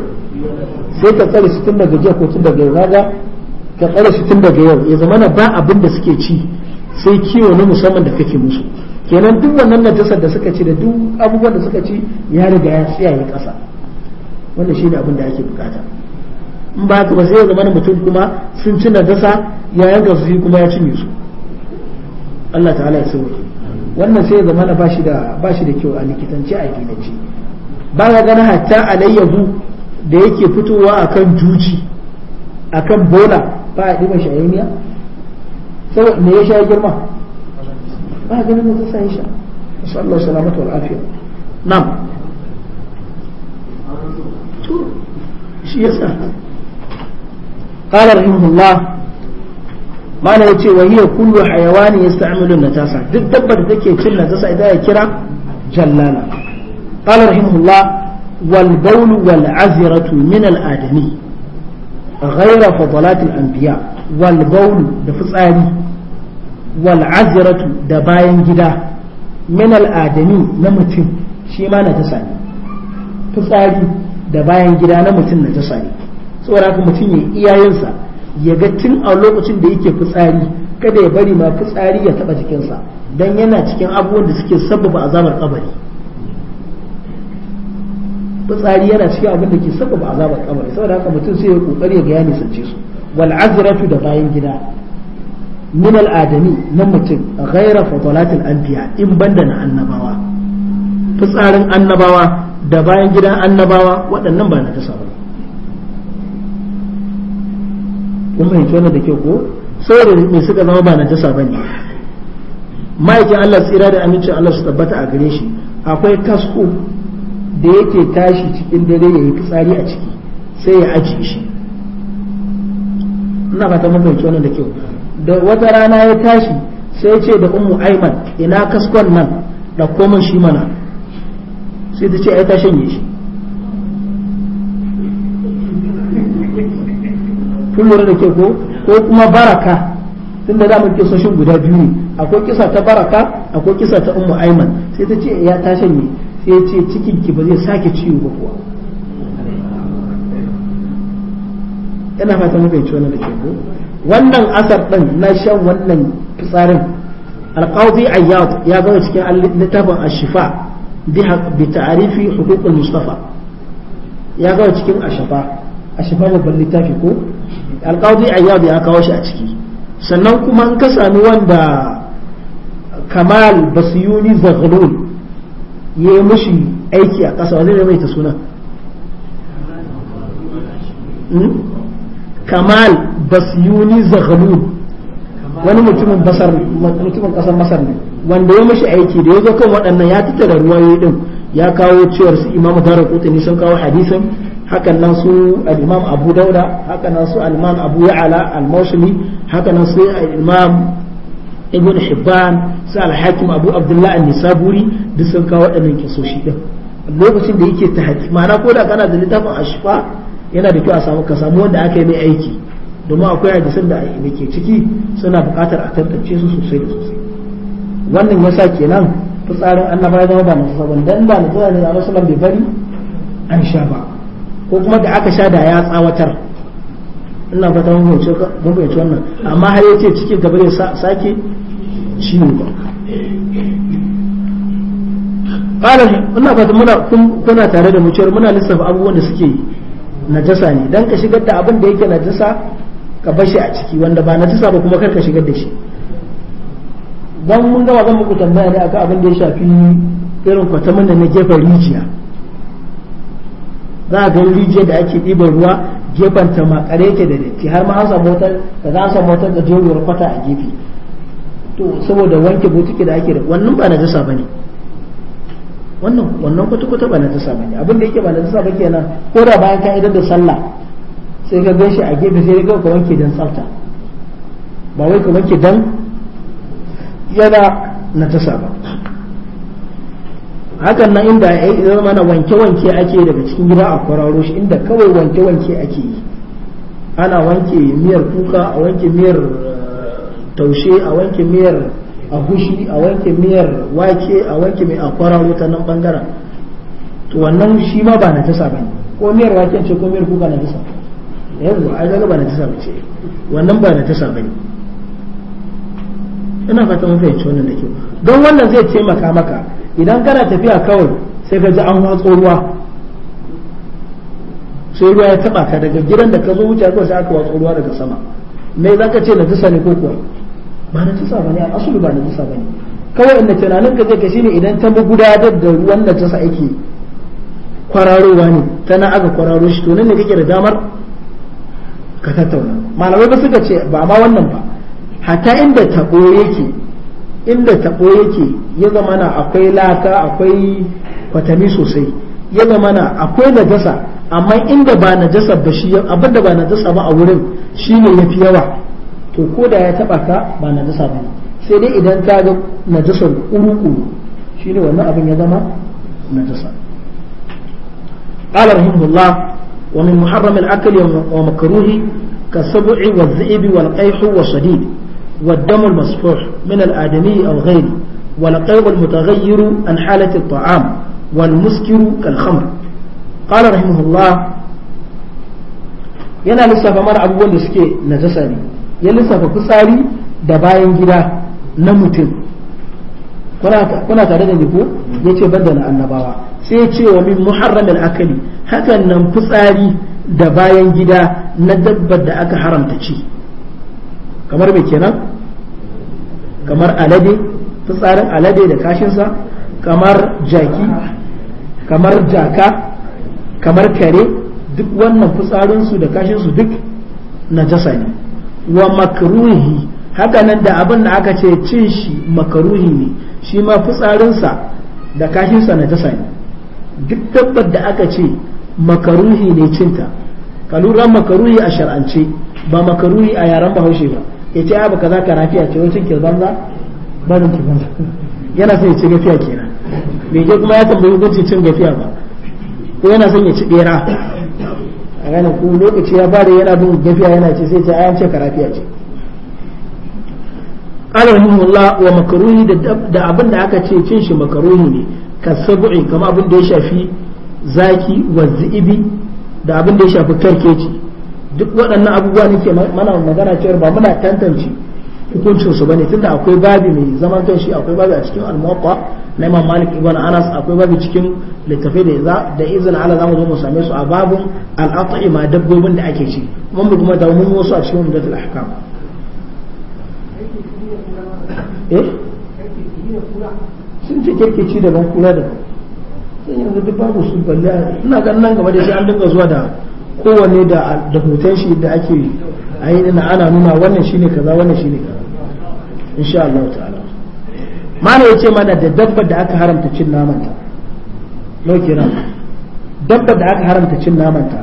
sai ka tsare su tun daga jiya ko tun daga yau ka tsare su tun daga yau ya zamana ba abin da suke ci sai kiwo na musamman da kake musu kenan duk wannan najasar da suka ci da duk abubuwan da suka ci ya riga ya ya kasa. wannan shine abin da ake bukata in ba ka sai ya zama mutum kuma sun ci najasa ya yanka su kuma ya cinye su Allah ta'ala ya sauke wannan sai zama na ba da da kyau a likitance a gidanci ya gana hatta alayyahu da yake fitowa a kan juji kan bola ba a ɗiba shayaniya sau ne ya sha girma ba a ganin mutu sai sha insha Allah salamatu wal afiya nam to shi yasa قال رحمه الله mana ce wa hiya kullu hayawani yasta'milu natasa duk dabba da take cin natasa idan ya kira jallala qala rahimahullah wal bawl wal azratu min al adami ghayra fadalat al anbiya wal bawl da fitsari wal azratu da bayan gida min al adami na mutum shi ma natasa ne fitsari da bayan gida na mutum natasa ne saboda haka mutum ya iyayensa ya ga tun a lokacin da yake fitsari kada ya bari ma fitsari ya taba jikinsa dan yana cikin abubuwan da suke sabbaba azabar kabari fitsari yana cikin abin da ke sabbaba azabar kabari saboda haka mutum sai ya kokari ya ga ya nisance su wal azratu da bayan gida min al adami na mutum ghaira fadalatil anbiya in banda na annabawa fitsarin annabawa da bayan gidan annabawa waɗannan ba na ta ba kun fahimci wannan da ke ko saboda me suka zama ba na ba bane ma'aikin Allah tsira da amincin Allah su tabbata a gare shi akwai kasko da yake tashi cikin dare ya yi fitsari a ciki sai ya ajiye shi ina fata mun fahimci wannan da kyau da wata rana ya tashi sai ce da ummu aiman ina kaskon nan da komai shi mana sai ta ce ai ta shanye shi kun lura da ke ko ko kuma baraka tun da zamu shin guda biyu ne akwai kisa ta baraka akwai kisa ta ummu aiman sai ta ce eh, ya ta shanye sai ce cikin ki ba zai sake ciwo ba kuwa ina fata muka yi wannan da ke ko wannan asar din na shan wannan fitsarin alqazi ayyad ya zo cikin littafin ashifa bi ta'rifi huququl mustafa ya zo cikin ashifa ashifa babban littafi ko alƙawdi ayyab ya kawo shi a ciki sannan kuma an ka sami wanda kamal basiyuni zaghlul ya yi mushi aiki a ƙasa wa zai mai ta suna hmm? kamal basiyuni zaghlul wani mutumin basar mutumin ƙasar masar ne wanda ya mushi aiki da ya zo kan waɗannan ya tattara yi ɗin ya kawo cewar su imamu dara kutani sun kawo hadisin hakan nan su al-imam abu dauda hakan nan su al-imam abu ya'ala al-mawshimi hakan nan su al-imam ibn hibban su al-hakim abu abdullah an-nisaburi duk sun kawo wadannan kisoshi din lokacin da yake ta haƙi ma'ana ko da kana da littafin ashfa yana da kyau a samu ka samu wanda aka yi mai aiki domin akwai hadisan da ke ciki suna buƙatar a tantance su sosai da sosai wannan yasa kenan fitsarin annabawa zama ba na sabon dan ba na tsara ne a bai bari an sha ba ko kuma da aka sha da ya tsawatar ina fata mun fahimci wannan amma har yace cikin gaba zai sake shi ne ba ƙarar ina ta muna kuna tare da mutuwar muna lissafa abubuwan da suke najasa ne dan ka shigar da abin da yake najasa ka bar shi a ciki wanda ba najasa ba kuma kar ka shigar da shi dan mun gaba zan muku tambaya ne akan abin da ya shafi irin kwatamin da na gefen rijiya za a ga rijiyar da ake ɗiban ruwa gefen ta makare ke da datti har ma hasa motar da za a motar da gajeruwar kwata a gefe to saboda wanke butuki da ake da wannan ba na jasa ba ne wannan wannan kwata-kwata ba na jasa ba ne abin da yake ba na jasa ba kenan ko da bayan ka idar da sallah sai ka gan shi a gefe sai ka wanke don tsafta ba wai ka wanke don yana na jasa ba hakan nan inda ya zama na wanke-wanke ake daga cikin gida a kwararo shi inda kawai wanke-wanke ake yi ana wanke miyar kuka a wanke miyar uh, taushe a wanke miyar agushi a wanke miyar wake a wanke mai akwararo ta nan bangaren to wannan shi ma ba na tasa ba ko miyar waken ce ko miyar kuka na tasa yanzu a ga ba na tasa ba ce wannan ba na tasa ba ne ina fata mun fahimci wannan da kyau don wannan zai taimaka maka idan kana tafiya kawai sai ka ji an watso ruwa sai ruwa ya taba ka daga gidan da ka zo wuce ko sai aka watso ruwa daga sama me za ka ce na tusa ne ko kuwa ba na tusa ba ne a asulu ba na tusa ba ne kawai inda tunanin ka zai ka shine idan ta gudanar da ruwan da tusa yake kwararowa ne tana aka kwararo shi to nan ne kake da damar ka tattauna malamai ba suka ce ba ma wannan ba hatta inda tabo yake inda tabo yake ya zama na akwai laka akwai kwatami sosai ya zama na akwai najasa amma inda ba najasa ba shi abinda ba najasa ba a wurin shine yafi yawa to ko da ya taba ka ba najasa ba sai dai idan ka ga najasar uruku shi shine wannan abin ya zama najasa قال رحمه الله ومن محرم الأكل ومكروه كالسبع والذئب والقيح والصديد والدم المسفوح من الآدمي أو غيره والقيض المتغير عن حالة الطعام والمسكر كالخمر قال رحمه الله yana lissafa mara abubuwan da suke najasa ne ya lissafa fitsari da bayan gida na mutum kuna tare da ko ya ce banda na annabawa sai ya ce wa min muharramin akali hakan nan fitsari da bayan gida na dabbar da aka haramta ci kamar mai kenan kamar alade fitsarin alade da kashinsa kamar jaki kamar jaka kamar kare duk wannan fitsarinsu da kashinsu duk na jasa ne wa makaruhi hakanan da abin da aka ce cin shi makaruhi ne shi ma fitsarinsa da kashinsa jasa ne duk dabbar da aka ce makaruhi ne cinta kaluran makaruhi a shar'ance ba makaruhi a yaren bahaushe ba ya ce abu kaza rafiya ce wancan ke zanza barin ki banza yana son ya ci gafiya kenan bai ke kuma ya tambayi hukunci cin gafiya ba ko yana son ya ci bera a gane ku lokaci ya bada yana bin gafiya yana ce sai ce ayan ce rafiya ce alhamdulillah wa makaruhi da abin da aka ce cin shi makaruhi ne kasabu'i kamar abin da ya shafi zaki wa zibi da abin da ya shafi karkeci duk waɗannan abubuwa nake mana magana cewa ba muna tantance hukuncin su bane tunda akwai babi mai zaman kanshi akwai babi a cikin al-muwatta na Imam Malik ibn Anas akwai babi cikin littafai da za da izin Allah zamu zo mu same su a babun al-at'ima dabbobin da ake ci mun mu kuma da mun wasu a cikin mudatul ahkam eh sun ce kirkici daban kula daban sun yanzu duk babu su balle ina ganin nan gaba da sai an dinga zuwa da kowanne da da hoton shi da ake ainihin ana nuna wannan shine kaza wannan shine kaza insha Allah ta'ala mana yace mana da dabbar da aka haramta cin namanta no kiran dabbar da aka haramta cin namanta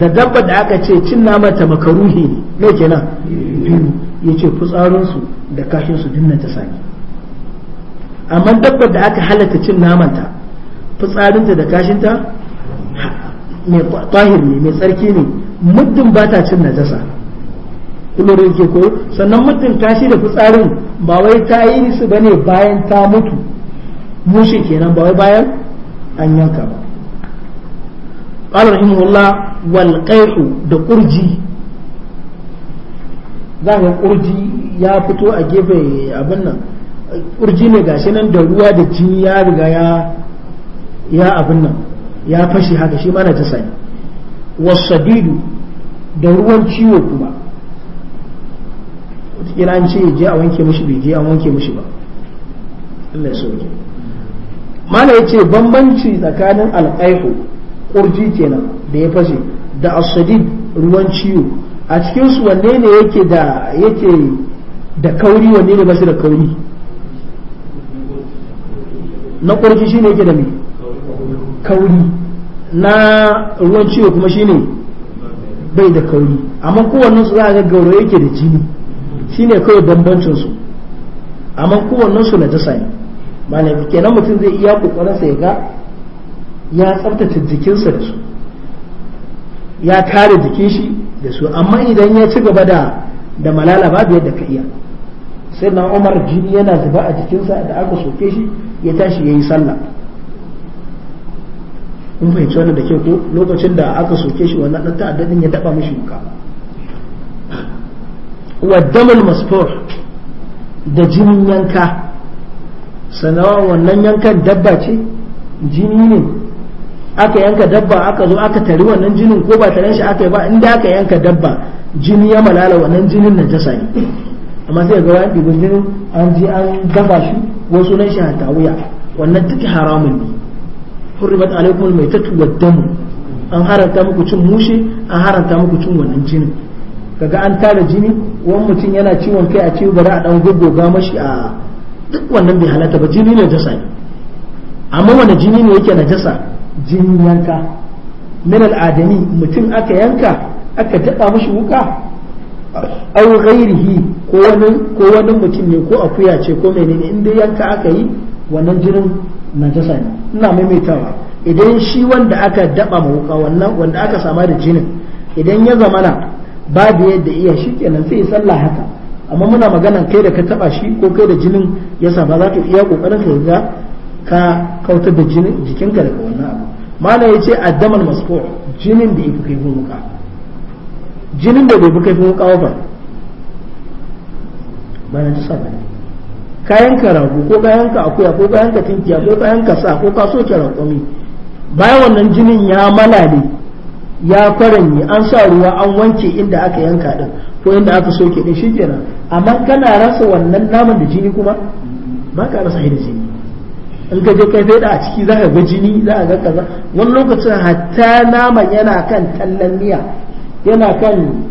da dabbar da aka ce cin ta makaruhi ne no kenan yace fitsarin su da kashin su dinnan ta sani amma dabbar da aka halatta cin namanta ta da kashinta mai tahir ne mai tsarki ne muddin ba ta cin najasa kullum da yake koyo sannan muddin shi da fitsarin ba wai ta yi su ba ne bayan ta mutu mushi kenan ba wai bayan an yanka ba qala rahimahullah wal da ƙurji za ga ƙurji ya fito a gefe abin nan ƙurji ne gashi nan da ruwa da jini ya riga ya abin nan ya fashe haka shi mana najasa ne wasadidu da ruwan ciwo kuma wataƙila an ce je a wanke mushi bai je an wanke mushi ba Allah ya ke. mana ya ce bambanci tsakanin alƙaihu ƙurji kenan da ya fashe da asadid ruwan ciwo a cikinsu wanne ne yake da yake da kauri wanne ne ba shi da kauri na ƙurji shi ne yake da me kauri na ruwan ciwo kuma shine bai da kauri amma kowannen su za a ga gauro yake da jini shine kawai bambancin su amma kowannen su najasa ne malami kenan mutum zai iya kokarin sa ya ga ya tsaftace jikinsa da su ya kare jikin shi da su amma idan ya ci gaba da da malala babu yadda ka iya sai na umar jini yana zuba a jikinsa da aka soke shi ya tashi ya yi sallah kun fahimci wannan da ke ko lokacin da aka soke shi wannan dan ta'addadin ya daba mishi wuka wa damul masfur da jinin yanka sanawa wannan yankan dabba ce jini ne aka yanka dabba aka zo aka tari wannan jinin ko ba tare shi aka yi ba inda aka yanka dabba jini ya malala wannan jinin na jasa ne amma sai ga wani ɗigon jinin an ji an dafa shi wasu nan shi hanta wuya wannan duk haramun ne hurribat alaikum almaytatu wad-dam an haranta muku cin mushe. an haranta muku cin wannan jini kaga an tara jini wani mutum yana ciwon kai a ce bari a dan goggoga mashi a duk wannan bai halata ba jini ne jasa ne amma wani jini ne yake na jasa. jini yanka min al'adami mutum aka yanka aka daɗa mashi wuka au ghairihi ko wani mutum ne ko akuya ce ko menene in dai yanka aka yi wannan jinin najasa ne ina maimaitawa idan shi wanda aka daba wuka wannan wanda aka sama da jinin idan ya zama zamana babu yadda iya shi kenan sai sallah haka amma muna magana kai da ka taba shi ko kai da jinin ya sama za ka iya kokarin ka ga ka kautar da jinin jikinka daga wannan abu mala ya ce addamal masfu jinin da ifi wuka jinin da bai fi kai wuka ba ba na jisa ba ne Kayan ka ragu ko kayan ka akuya ko ka tinkiya ko ka sa ko ka so soke raƙumi bayan wannan jinin ya malale ya kwaranye an sa ruwa an wanke inda aka yanka din ko inda aka soke din shikenan amma kana rasa wannan naman da jini kuma ba ka rasa da jini in ka je kai faida a ciki za ka ga jini za ka ga kaza wani lokacin hatta naman yana kan tallan miya yana kan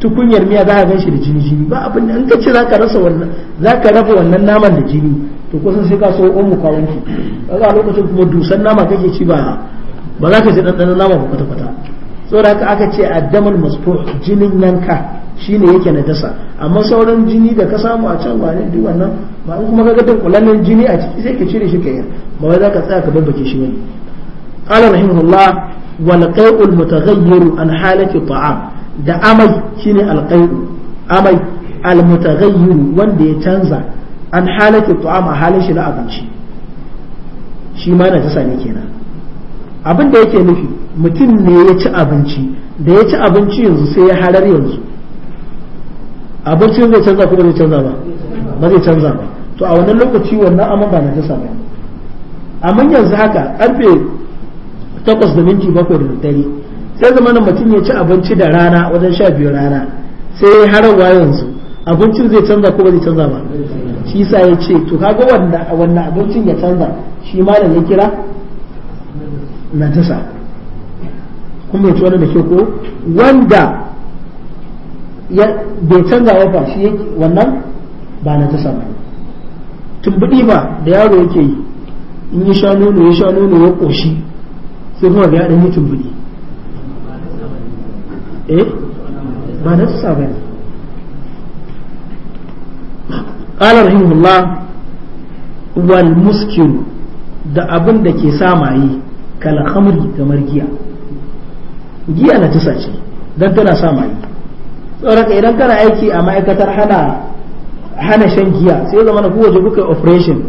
tukunyar miya za a gan shi da jini jini ba abin da an ka ce za ka rasa wannan za wannan naman da jini to kusan sai ka so omu ka wanki kaga a lokacin kuma dusan nama kake ci ba ba za ka ji ɗanɗanon nama ba kwata kwata saboda haka aka ce addamul masfu jinin nan shi shine yake na dasa amma sauran jini da ka samu a can wane duk wannan ba in kuma kaga kullanin jini a ciki sai ka cire shi ka yi ba wai za ka tsaya ka babbake shi bane قال رحمه الله qai'ul المتغير an حالة الطعام da amai shine alƙairu amai almutaghayyiru wanda ya canza an halake tu'am a halin shi na abinci shi ma na ta ne kenan abin da yake nufi mutum ne ya ci abinci da ya ci abinci yanzu sai ya harar yanzu abincin zai canza ko zai canza ba ba zai canza ba to a wannan lokaci wannan amma ba na najasa ba amma yanzu haka karfe takwas da minti bakwai da dare. sai zamanin mutum ya ci abinci da rana wajen sha biyu rana sai ya harawa yanzu abincin zai canza ko ba zai canza ba shi sa ya ce to kaga wanda wannan abincin ya canza shi ma da ya kira na tasa kuma ya ci wani da ke ko wanda ya bai canza ba fa shi wannan ba na tasa ba tumbuɗi ba da yaro yake yi in yi sha nono ya sha nono ya ƙoshi sai kuma ga ya ɗan yi tumbuɗi Eh? ba na sa wal da abin da ke sa maye kal kamar giya giya na tusa ce don tana samaye idan kana aiki a ma'aikatar hana shan giya sai zama na ku waje kuka operation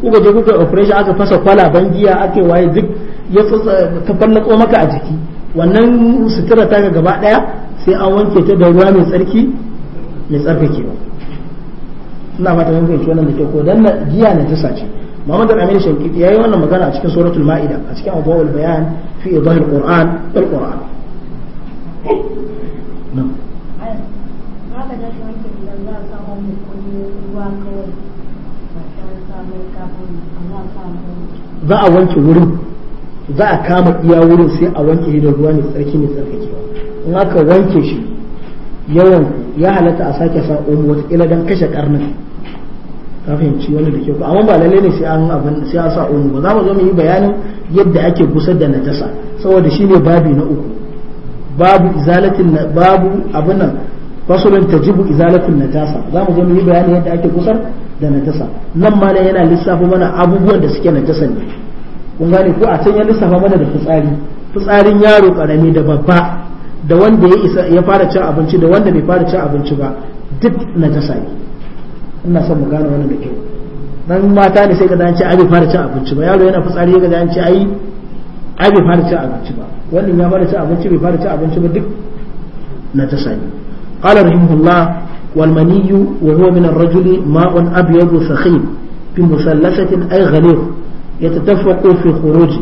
ku waje kuka operation aka fasa kwalaban giya ake waye duk ya ta fallako maka a jiki wannan sutura ta ga gaba daya sai an wanke ta da ruwa mai tsarki mai tsarkake ba ina fata mun fahimci wannan da ke ko dan giya na ta ce Muhammad Al-Amin ya yi wannan magana a cikin suratul Ma'ida a cikin Adwaul Bayan fi idahil Qur'an wal Qur'an za a wanke wurin za a kama iya wurin sai a wanke shi da ruwa mai tsarki mai tsarkakewa in aka wanke shi yawan ya halatta a sake sa omo wata ila dan kashe karnin ka fahimci wani da ke ku amma ba lalle ne sai an abin sai an sa omo ba za mu zo mu yi bayanin yadda ake gusar da najasa saboda shine babi na uku babu izalatin babu abin nan fasulun tajibu izalatin najasa za mu zo mu yi bayanin yadda ake gusar da najasa nan ma yana lissafa mana abubuwan da suke najasa ne kun gane ko a can ya lissafa mana da fitsari fitsarin yaro karami da babba da wanda ya fara cin abinci da wanda bai fara cin abinci ba duk na ta sai ina son mu gane wannan da kyau dan mata ne sai ka dace ai bai fara cin abinci ba yaro yana fitsari ya ga dace ai ai bai fara cin abinci ba wannan ya fara cin abinci bai fara cin abinci ba duk na ta sai qala rahimahullah wal maniyyu wa huwa min ar-rajuli ma'un abyadu sakhim fi musallasatin ay ghalidh يتدفق في خروجه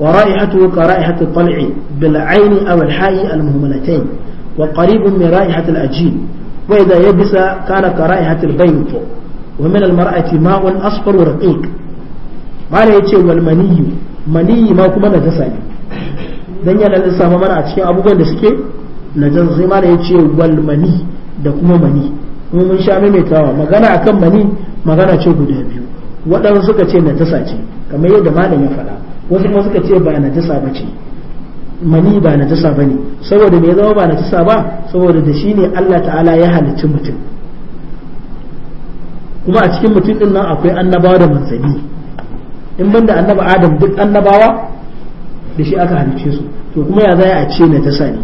ورائحته كرائحة الطلع بالعين أو الحاء المهملتين وقريب من رائحة الأجين وإذا يبس كان كرائحة البيض ومن المرأة ماء أصفر رقيق قال يتشي والمني مني ما كما نجسا dan yana lissafa mana a cikin abubuwan da suke najan sai mana ya da kuma mani kuma mun sha maimaitawa magana akan mani magana ce guda biyu waɗansu suka ce najasa ce kamar yadda malam ya faɗa wasu kuma suka ce ba na jisa ba ce mani ba jisa ba ne saboda me ya zama ba na jisa ba saboda da shi ne Allah ta'ala ya halicci mutum kuma a cikin mutum din nan akwai annabawa da manzanni in banda annaba adam duk annabawa da shi aka halicce su to kuma ya zai a ce na jisa ne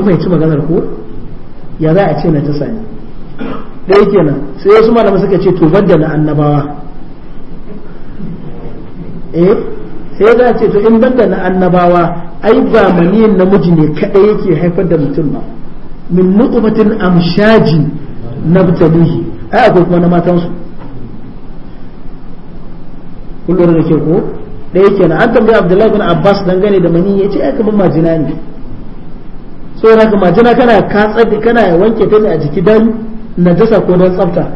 kun ci maganar ko ya za a ce na ta ne. ɗaya kenan sai wasu malama suka ce to banda na annabawa eh sai za ce to in banda na annabawa ai ba maniyin namiji ne kadai yake haifar da mutum ba min nutfatin amshaji nabtalihi ai akwai kuma na matan su kullum da ke ko yake na an tambaya abdullahi bin abbas dangane da maniyin yace ce ai kamar majina ne saboda haka majina kana katsar kana wanke ta ne a jiki dan najasa ko dan tsafta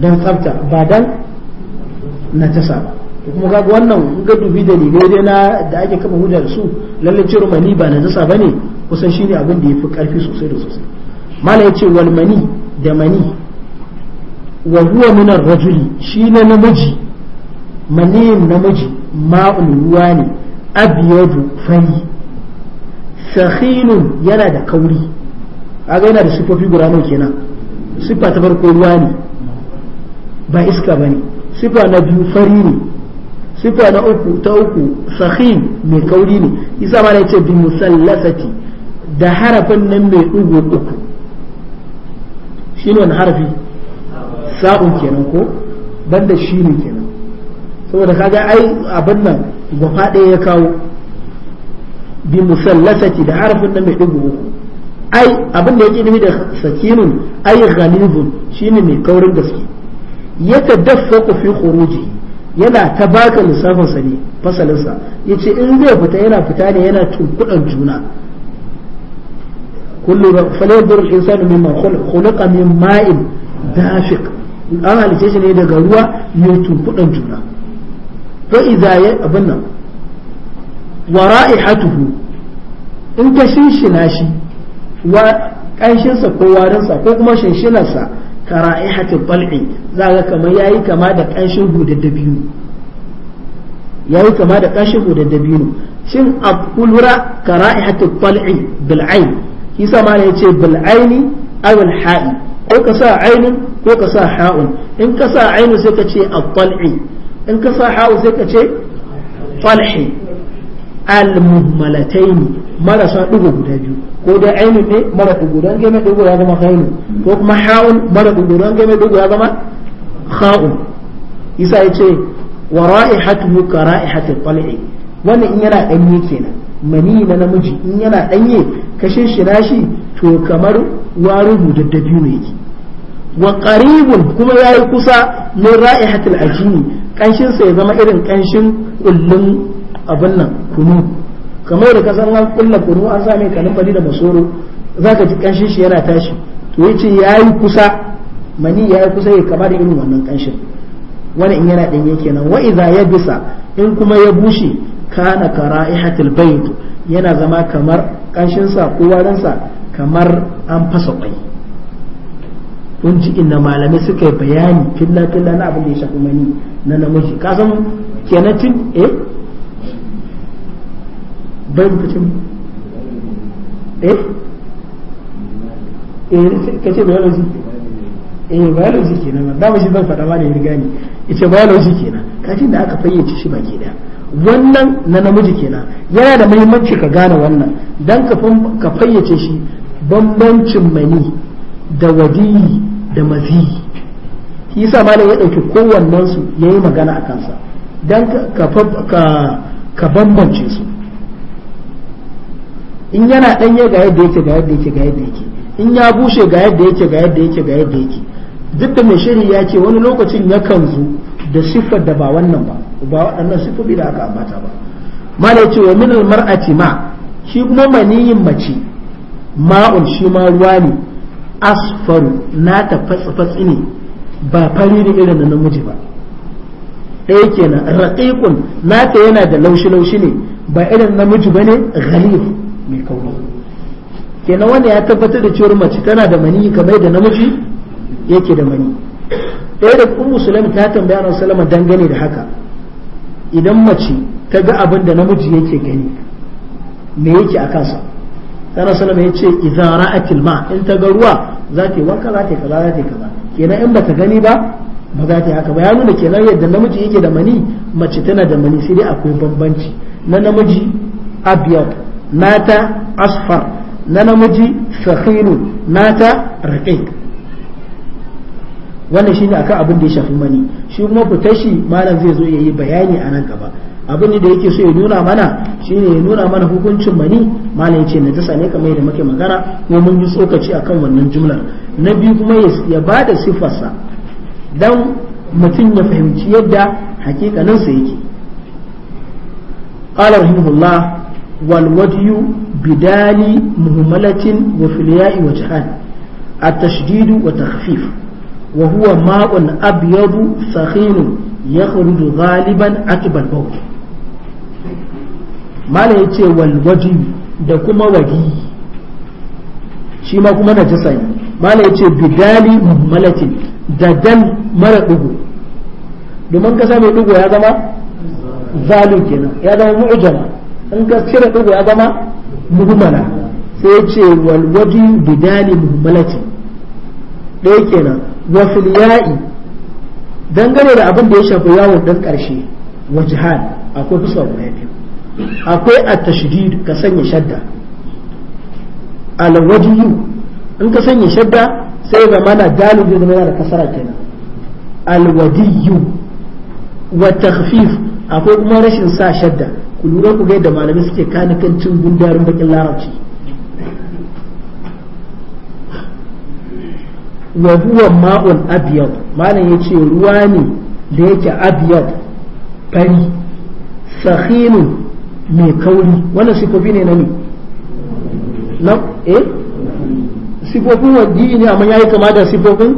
dan tsafta ba dan najasa ba to kuma kaga wannan in ga dubi dalilai dai na da ake kafa hujja da su lalle cewa mani ba na najasa bane kusan shine abin da yafi karfi sosai da sosai mala yace wal mani da mani wa huwa min ar-rajuli shine namiji mani namiji ma'ul ruwa ne abyadu fari sakhilun yana da kauri kaga yana da sifofi guda nawa kenan sifa ta farko ruwa ne ba iska bane sifa na biyu fari ne sifa na uku ta uku sahin mai kauri ne isa ma ce bi musallasati da harafin nan mai ɗigo uku shi ne wani harafi sa'un kenan ko banda shi ne kenan saboda kaga ai abin nan gwafa ɗaya ya kawo bi musallasati da harafin nan mai ɗigo uku ai abin da yake nufi da sakinun ai shi shine mai kaurin gaske ya ku fi khuruji yana ta baka lissafin sa ne fasalinsa yace in zai fita yana fita ne yana tunkudan juna kullu falyanzur al-insanu mimma khulaqa min ma'in dafiq an halice shi ne daga ruwa mai tunkudan juna fa idza ya abin nan wa ra'ihatuhu in ka shinshina shi wa ƙanshinsa ko warinsa ko kuma shinshinarsa kara'ihati bal'i za ga kamar yayi kama da kanshin hudar dabino yayi kama da kanshin hudar dabino shin a kulura kara'ihati bal'i bil ayn yasa ma yace bil ayni aw al ha'i ko ka sa ainun ko ka sa ha'un in ka sa ainun sai ka ce al-bal'i in ka sa ha'u sai ka ce falhi al-muhmalataini marasa dugo guda biyu ko dai ainu ne mara dugu don game dugu ya zama hainu ko kuma ha'un mara dugu don game dugu ya zama ha'un isa ya ce wa ra'ihatuhu ka ra'ihatil qal'i wannan in yana danye kenan mani na namiji in yana danye kashin shi nashi to kamar warin hudaddabi ne yake wa qaribun kuma yayi kusa min ra'ihatil ajini kanshin sa ya zama irin kanshin kullun abin nan kunu kamar da kasan an kulla kunu an sa mai kalin da masoro za ka ji kanshin shi yana tashi to yace yayi kusa mani yayi kusa ya kama da irin wannan kanshin wani in yana danye kenan wa idza bisa in kuma ya bushe kana kara'ihatil bayt yana zama kamar kanshin sa ko kamar an fasa kwai kun ji inda malamai suka yi bayani filla filla na abin da ya shafi mani na namiji kasan kenan tun eh bai lokacin eh eh kace biology eh biology kenan da ba shi zan faɗa ma da riga ne ita biology kenan kacin da aka fayyace shi baki daya wannan na namiji kenan yana da muhimmanci ka gane wannan dan ka fayyace shi bambancin mani da wadi da mazi shi yasa malam ya dauki kowannen su yayi magana a kansa dan ka ka bambance su in yana ɗanye ga yadda yake ga yadda yake ga yadda yake in ya bushe ga yadda yake ga yadda yake ga yadda yake duk da mai shiri ya ce wani lokacin yakan zo da siffar da ba wannan ba ba waɗannan siffofi da aka ambata ba mala ce wa min almar'ati ma shi kuma maniyin mace ma'un shi ma ruwa ne asfaru na ta fatsi ne ba fari ne irin na namiji ba ɗaya kenan na nata yana da laushi laushi ne ba irin namiji ba ne ghalif mai kauri kenan wanda ya tabbatar da cewar mace tana da mani kamar da namiji yake da mani ɗaya da kuma musulmi ta tambaya na salama dangane da haka idan mace ta ga abin da namiji yake gani me yake a kansa tana salama ya ce idan ra'atil ma in ta ga ruwa za ta yi wanka za ta yi kaza za ta yi kaza kenan in ba ta gani ba ba za ta yi haka ba ya nuna kenan yadda namiji yake da mani mace tana da mani sai dai akwai bambanci na namiji abiyar mata asfar na namiji shahinu mata raƙiƙ wannan shine akan abin da ya shafi mani shi kuma fitar shi malam zai zo ya yi bayani a nan gaba abin da yake so ya nuna mana shine ya nuna mana hukuncin mani malam yace na tasa ne kamar yadda muke magana ko mun yi tsokaci akan wannan jumlar na biyu kuma ya ba da sifarsa dan mutum ya fahimci yadda hakikanin sa yake qala rahimahullah والودي بدال مهملة وفي الياء وجهان التشديد وتخفيف وهو ماء أبيض سخين يخرج غالبا عقب البول ما لا يتي والودي da kuma wadi shi ma kuma na jisa ne mala ya ce bidali muhammalatin da dal mara ɗugu domin kasa mai ɗugu ya zama zalim kenan ya zama mu'jama in ka cire ɗigo ya zama muhimmala sai ce walwaji bidali muhimmalati ɗaya kenan wa filiya'i dangane da abin da ya shafi yawon ɗan ƙarshe wa jihad akwai kusa guda biyu akwai a tashdid ka sanya shadda alwajiyu in ka sanya shadda sai ga mana dalu zai zama da kasara kenan alwadiyu wa takhfif akwai kuma rashin sa shadda ku lura ku ga yadda malamai suke cin gundarin bakin larabci wa huwa ma'un abyad malam yace ruwa ne da yake abyad fari sakhinu mai kauri wannan sifofi ne bi ne na eh sifofin wadi ne amma yayi kama da sifofin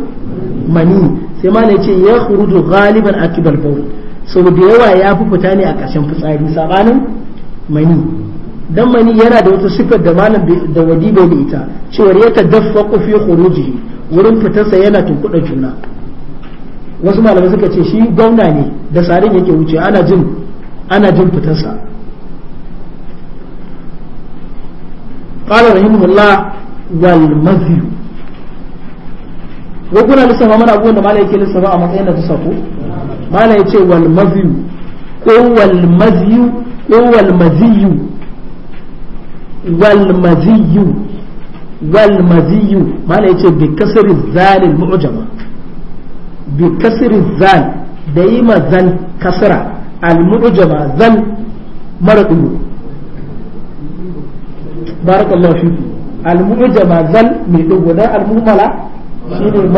mani sai malam yace ya khuruju ghaliban akibal bawl sau da yawa ya fi fita ne a ƙarshen fitsari sabanin mani dan mani yana da wata siffar da malam da wadi bai da ita cewar ya dafa fi khurujihi wurin fitarsa yana tunkuɗa juna wasu malamai suka ce shi gwamna ne da sarin yake wuce ana jin ana jin fitarsa rahimahullah wal ko kuna lissafa mana abubuwan da malai yake lissafa a matsayin da tusako malai ya ce wal maziyu ko wal maziyu ko wal maziyu wal maziyu wal maziyu malai ya ce bi kasri zalil mu'jama bi kasri zal da yi mazal kasra al mu'jama zal mara dubu barakallahu fiku al mu'jama zal mai dubu dan al mu'mala shi ne duhu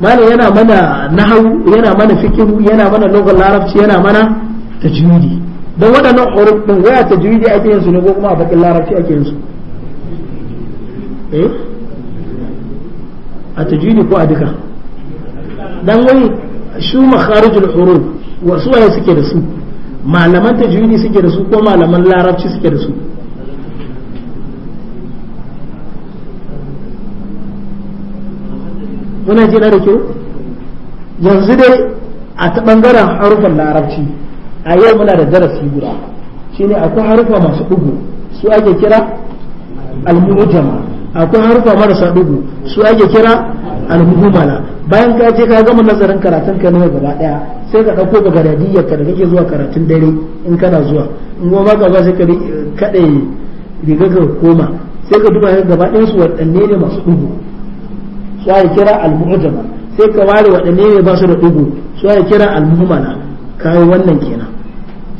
malam yana mana nahawu yana mana fikiru yana mana lugar larabci yana mana tajwidi don waɗannan huruf din ta tajwidi ake yin su ne ko kuma a bakin larabci ake yin su eh a tajwidi ko a duka don wani shu makharijul huruf wasu waye suke da su malaman tajwidi suke da su ko malaman larabci suke da su muna ji na da kyau yanzu dai a ta bangaren harufan larabci a yau muna da darasi guda shine akwai harufa masu dugu su ake kira al akwai harufa marasa dugu su ake kira almuhumala bayan ka je ka gama nazarin karatun ka nawa gaba daya sai ka dauko ga garadiyar ka da kake zuwa karatun dare in kana zuwa in goma ka ba sai ka kade riga ka koma sai ka duba gaba daya su waɗanne ne masu dugu su ya kira al-mu'jama sai ka ware waɗanne ne ba su da dugu su ya kira al-mu'mana kai wannan kenan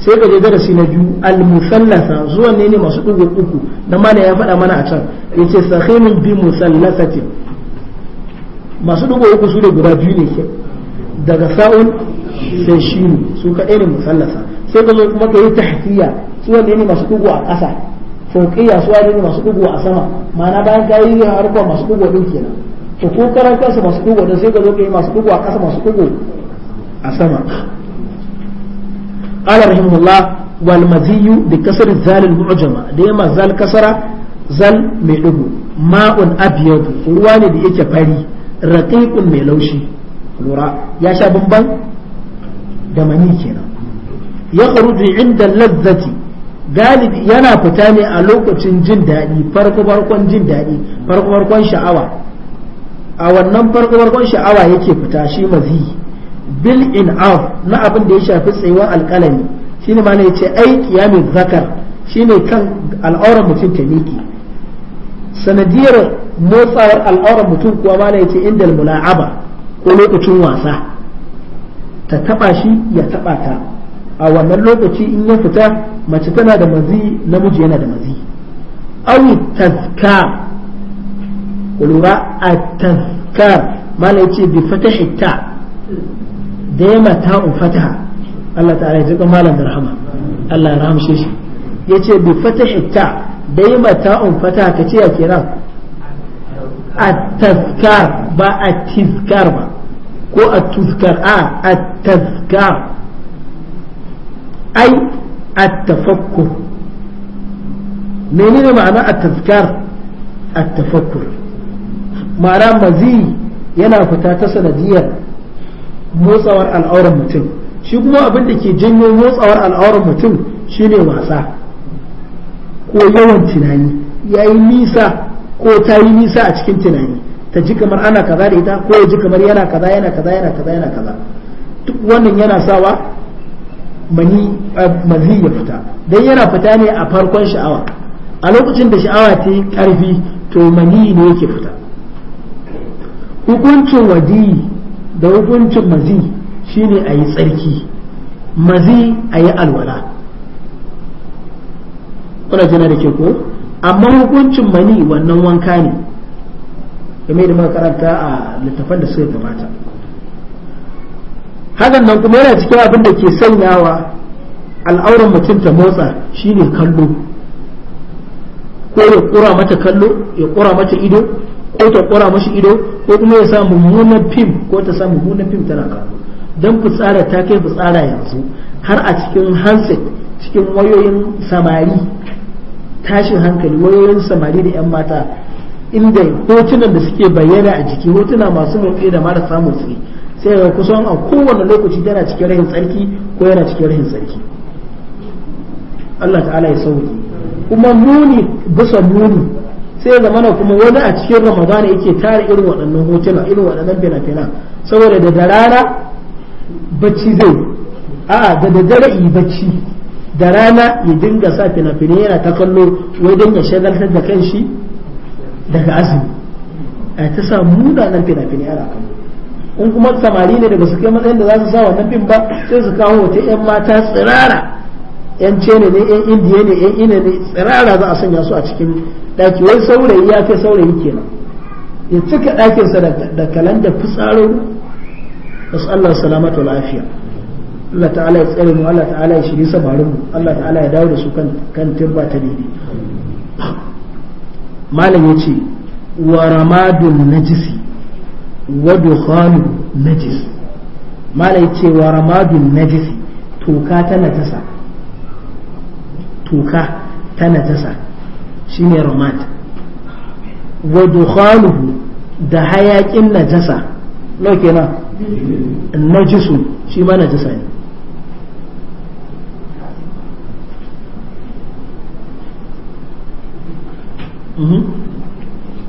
sai ka je darasi na biyu al-musallasa zuwa ne ne masu dugu uku dan mana ya faɗa mana a can yace sahimin bi musallasatin masu dugu uku su ne guda biyu ne ke daga sa'un sai shinu su kaɗai ne musallasa sai ka zo kuma ka yi tahtiya su ne ne masu dugu a ƙasa fauƙiyya suwa wanda ne masu dugu a sama ma'ana bayan ka yi harkar masu dugu ɗin kenan to ko karan kansa masu dugo da sai ka zo masu dugo a ƙasa masu dugo a sama qala rahimahullah wal maziyu bi kasr zal al mu'jama da yamma zal kasara zal mai dugo ma'un abyad ruwa ne da yake fari raqiqun mai laushi lura ya sha bamban da mani kenan ya kharuju inda lazzati galibi yana fita ne a lokacin jin daɗi farko farkon jin daɗi farko farkon sha'awa a wannan farko farkon sha'awa yake fita shi mazi bil in af na abin da ya shafi tsayuwar alkalami shine ma ne yace ai mai zakar shine kan al'auran mutum ta miki sanadiyar motsawar al'auran mutum kuwa ma ne yace indal mula'aba ko lokacin wasa ta taba shi ya taba ta a wannan lokaci in ya fita mace tana da mazi namiji yana da mazi awi tazka kulura at-tazkar mala yace bi fatahi ta da ya mata un fataha Allah ta'ala ya jika malam da rahama Allah ya rahamshe shi yace bi fatahi ta da ya mata un fataha kace ya kiran a tazkar ba a tizkar ba ko a tuskar a a tazkar ai a tafakkur menene ma'ana a tazkar a tafakkur mara mazi yana fita ta sanadiyar motsawar al'auran mutum shi kuma abin da ke janyo motsawar al'auran mutum shine wasa ko yawan tunani ya yi nisa ko ta yi nisa a cikin tunani ta ji kamar ana kaza da ita ko ya ji kamar yana kaza yana kaza yana kaza yana kaza duk wannan yana sawa mani eh, mazi ya fita dan yana fita ne a farkon sha'awa a lokacin da sha'awa ta yi karfi to mani ne yake fita hukuncin wadi da hukuncin mazi shine a yi tsarki mazi a yi alwala kuna jina da ke ko amma hukuncin mani wannan wanka ne game da makaranta a littafan da suka gabata hakan nan kuma yana cikin abin da ke sanyawa al'auran mutum ta motsa shine kallo ko ya kura mata kallo ya kura mata ido ko ta kora mashi ido ko kuma ya sa mummunan fim ko ta sa mummunan fim tana ka dan fitsara ta kai fitsara yanzu har a cikin handset cikin wayoyin samari tashin hankali wayoyin samari da yan mata inda hotunan da suke bayyana a jiki hotuna masu motsi da marasa motsi sai ga kusan a kowane lokaci tana cikin rahin tsarki ko yana cikin rahin tsarki Allah ta'ala ya sauki kuma muni bisa nuni sai zama na kuma wani a cikin ramadana yake tara irin waɗannan hotuna irin waɗannan fina-fina saboda da rana bacci zai a'a da dare yi bacci da rana ya dinga sa fina-finai yana ta kallo wai don ya shagaltar da kanshi daga azumi a ta sa munanan fina-finai yana kallo in kuma samari ne da ba su kai matsayin da za su sa wannan fim ba sai su kawo wata 'yan mata tsirara yan cene ne yan indiya ne yan ina ne tsirara za a sanya su a cikin daki wai saurayi ya kai saurayi kenan ya cika ɗakinsa da kalanda da wasu Allah salamatu lafiya Allah ta'ala ya tsare mu Allah ta'ala ya shiri sabarin mu Allah ta'ala ya dawo da su kan kan tirba ta daidai malam yace wa ramadun najisi wa dukhanu najis malam yace wa ramadun najisi toka tana tasa toka ta najasa ne ramad wa dukhanuhu da hayakin najasa nau kenan najisu shi ma najasa ne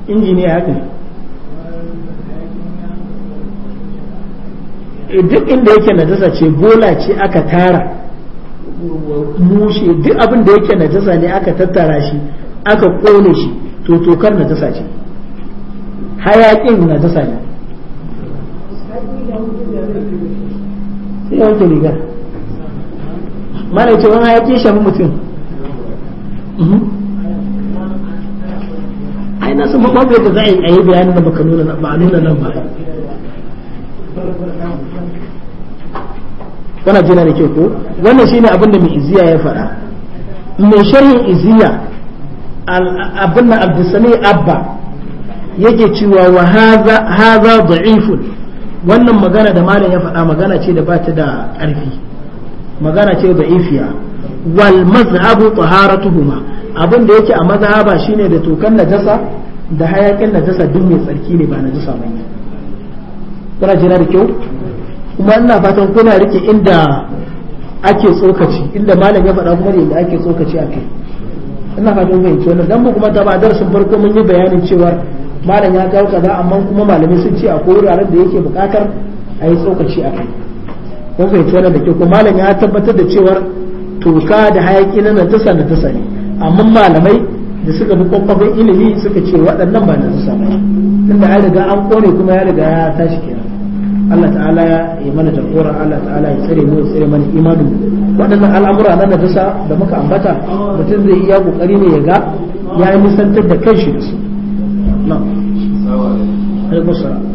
injiniya haka duk inda yake najasa ce bola ce aka tara mushe duk abin da yake najasa ne aka tattara shi aka kone shi to tokar najasa ce hayakin najasa ne sai wanke riga mana ce wani hayaki shi shafi mutum mhm. ai na san babu da za a yi bayanin da baka nuna ba nuna nan ba wana jina da ke ko wannan shine abin da mai iziya ya faɗa mai sharhin iziya abin da abdusani abba yake cewa wa haza da'ifun wannan magana da malam ya faɗa magana ce da ba ta da ƙarfi magana ce ifiya wal mazhabu taharatuhuma abin da yake a maza mazhaba shine da tokan najasa da hayakin najasa duk mai tsarki ne ba najasa bane kuna jira kyau kuma ina fatan kuna rike inda ake tsokaci inda malam ya faɗa kuma inda ake tsokaci a kai ina fatan fahimci wannan dan kuma ta ba darasin farko mun yi bayanin cewa malam ya kawo kaza amma kuma malamai sun ce akwai wuraren da yake buƙatar a yi tsokaci a kai kun fahimci wannan da ke kuma malam ya tabbatar da cewar toka da hayaki na natasa natasa ne amma malamai da suka bi kwakwafin ilimi suka ce waɗannan ba natasa ba tunda ya riga an kone kuma ya riga ya tashi kenan Allah ta'ala ya mana jagora Allah ta'ala ya tsare mu ya tsare mana imanin waɗannan al'amura na najasa da muka ambata mutum zai iya kokari ne ya ga ya yi nisantar da kanshi da su alaikum assalam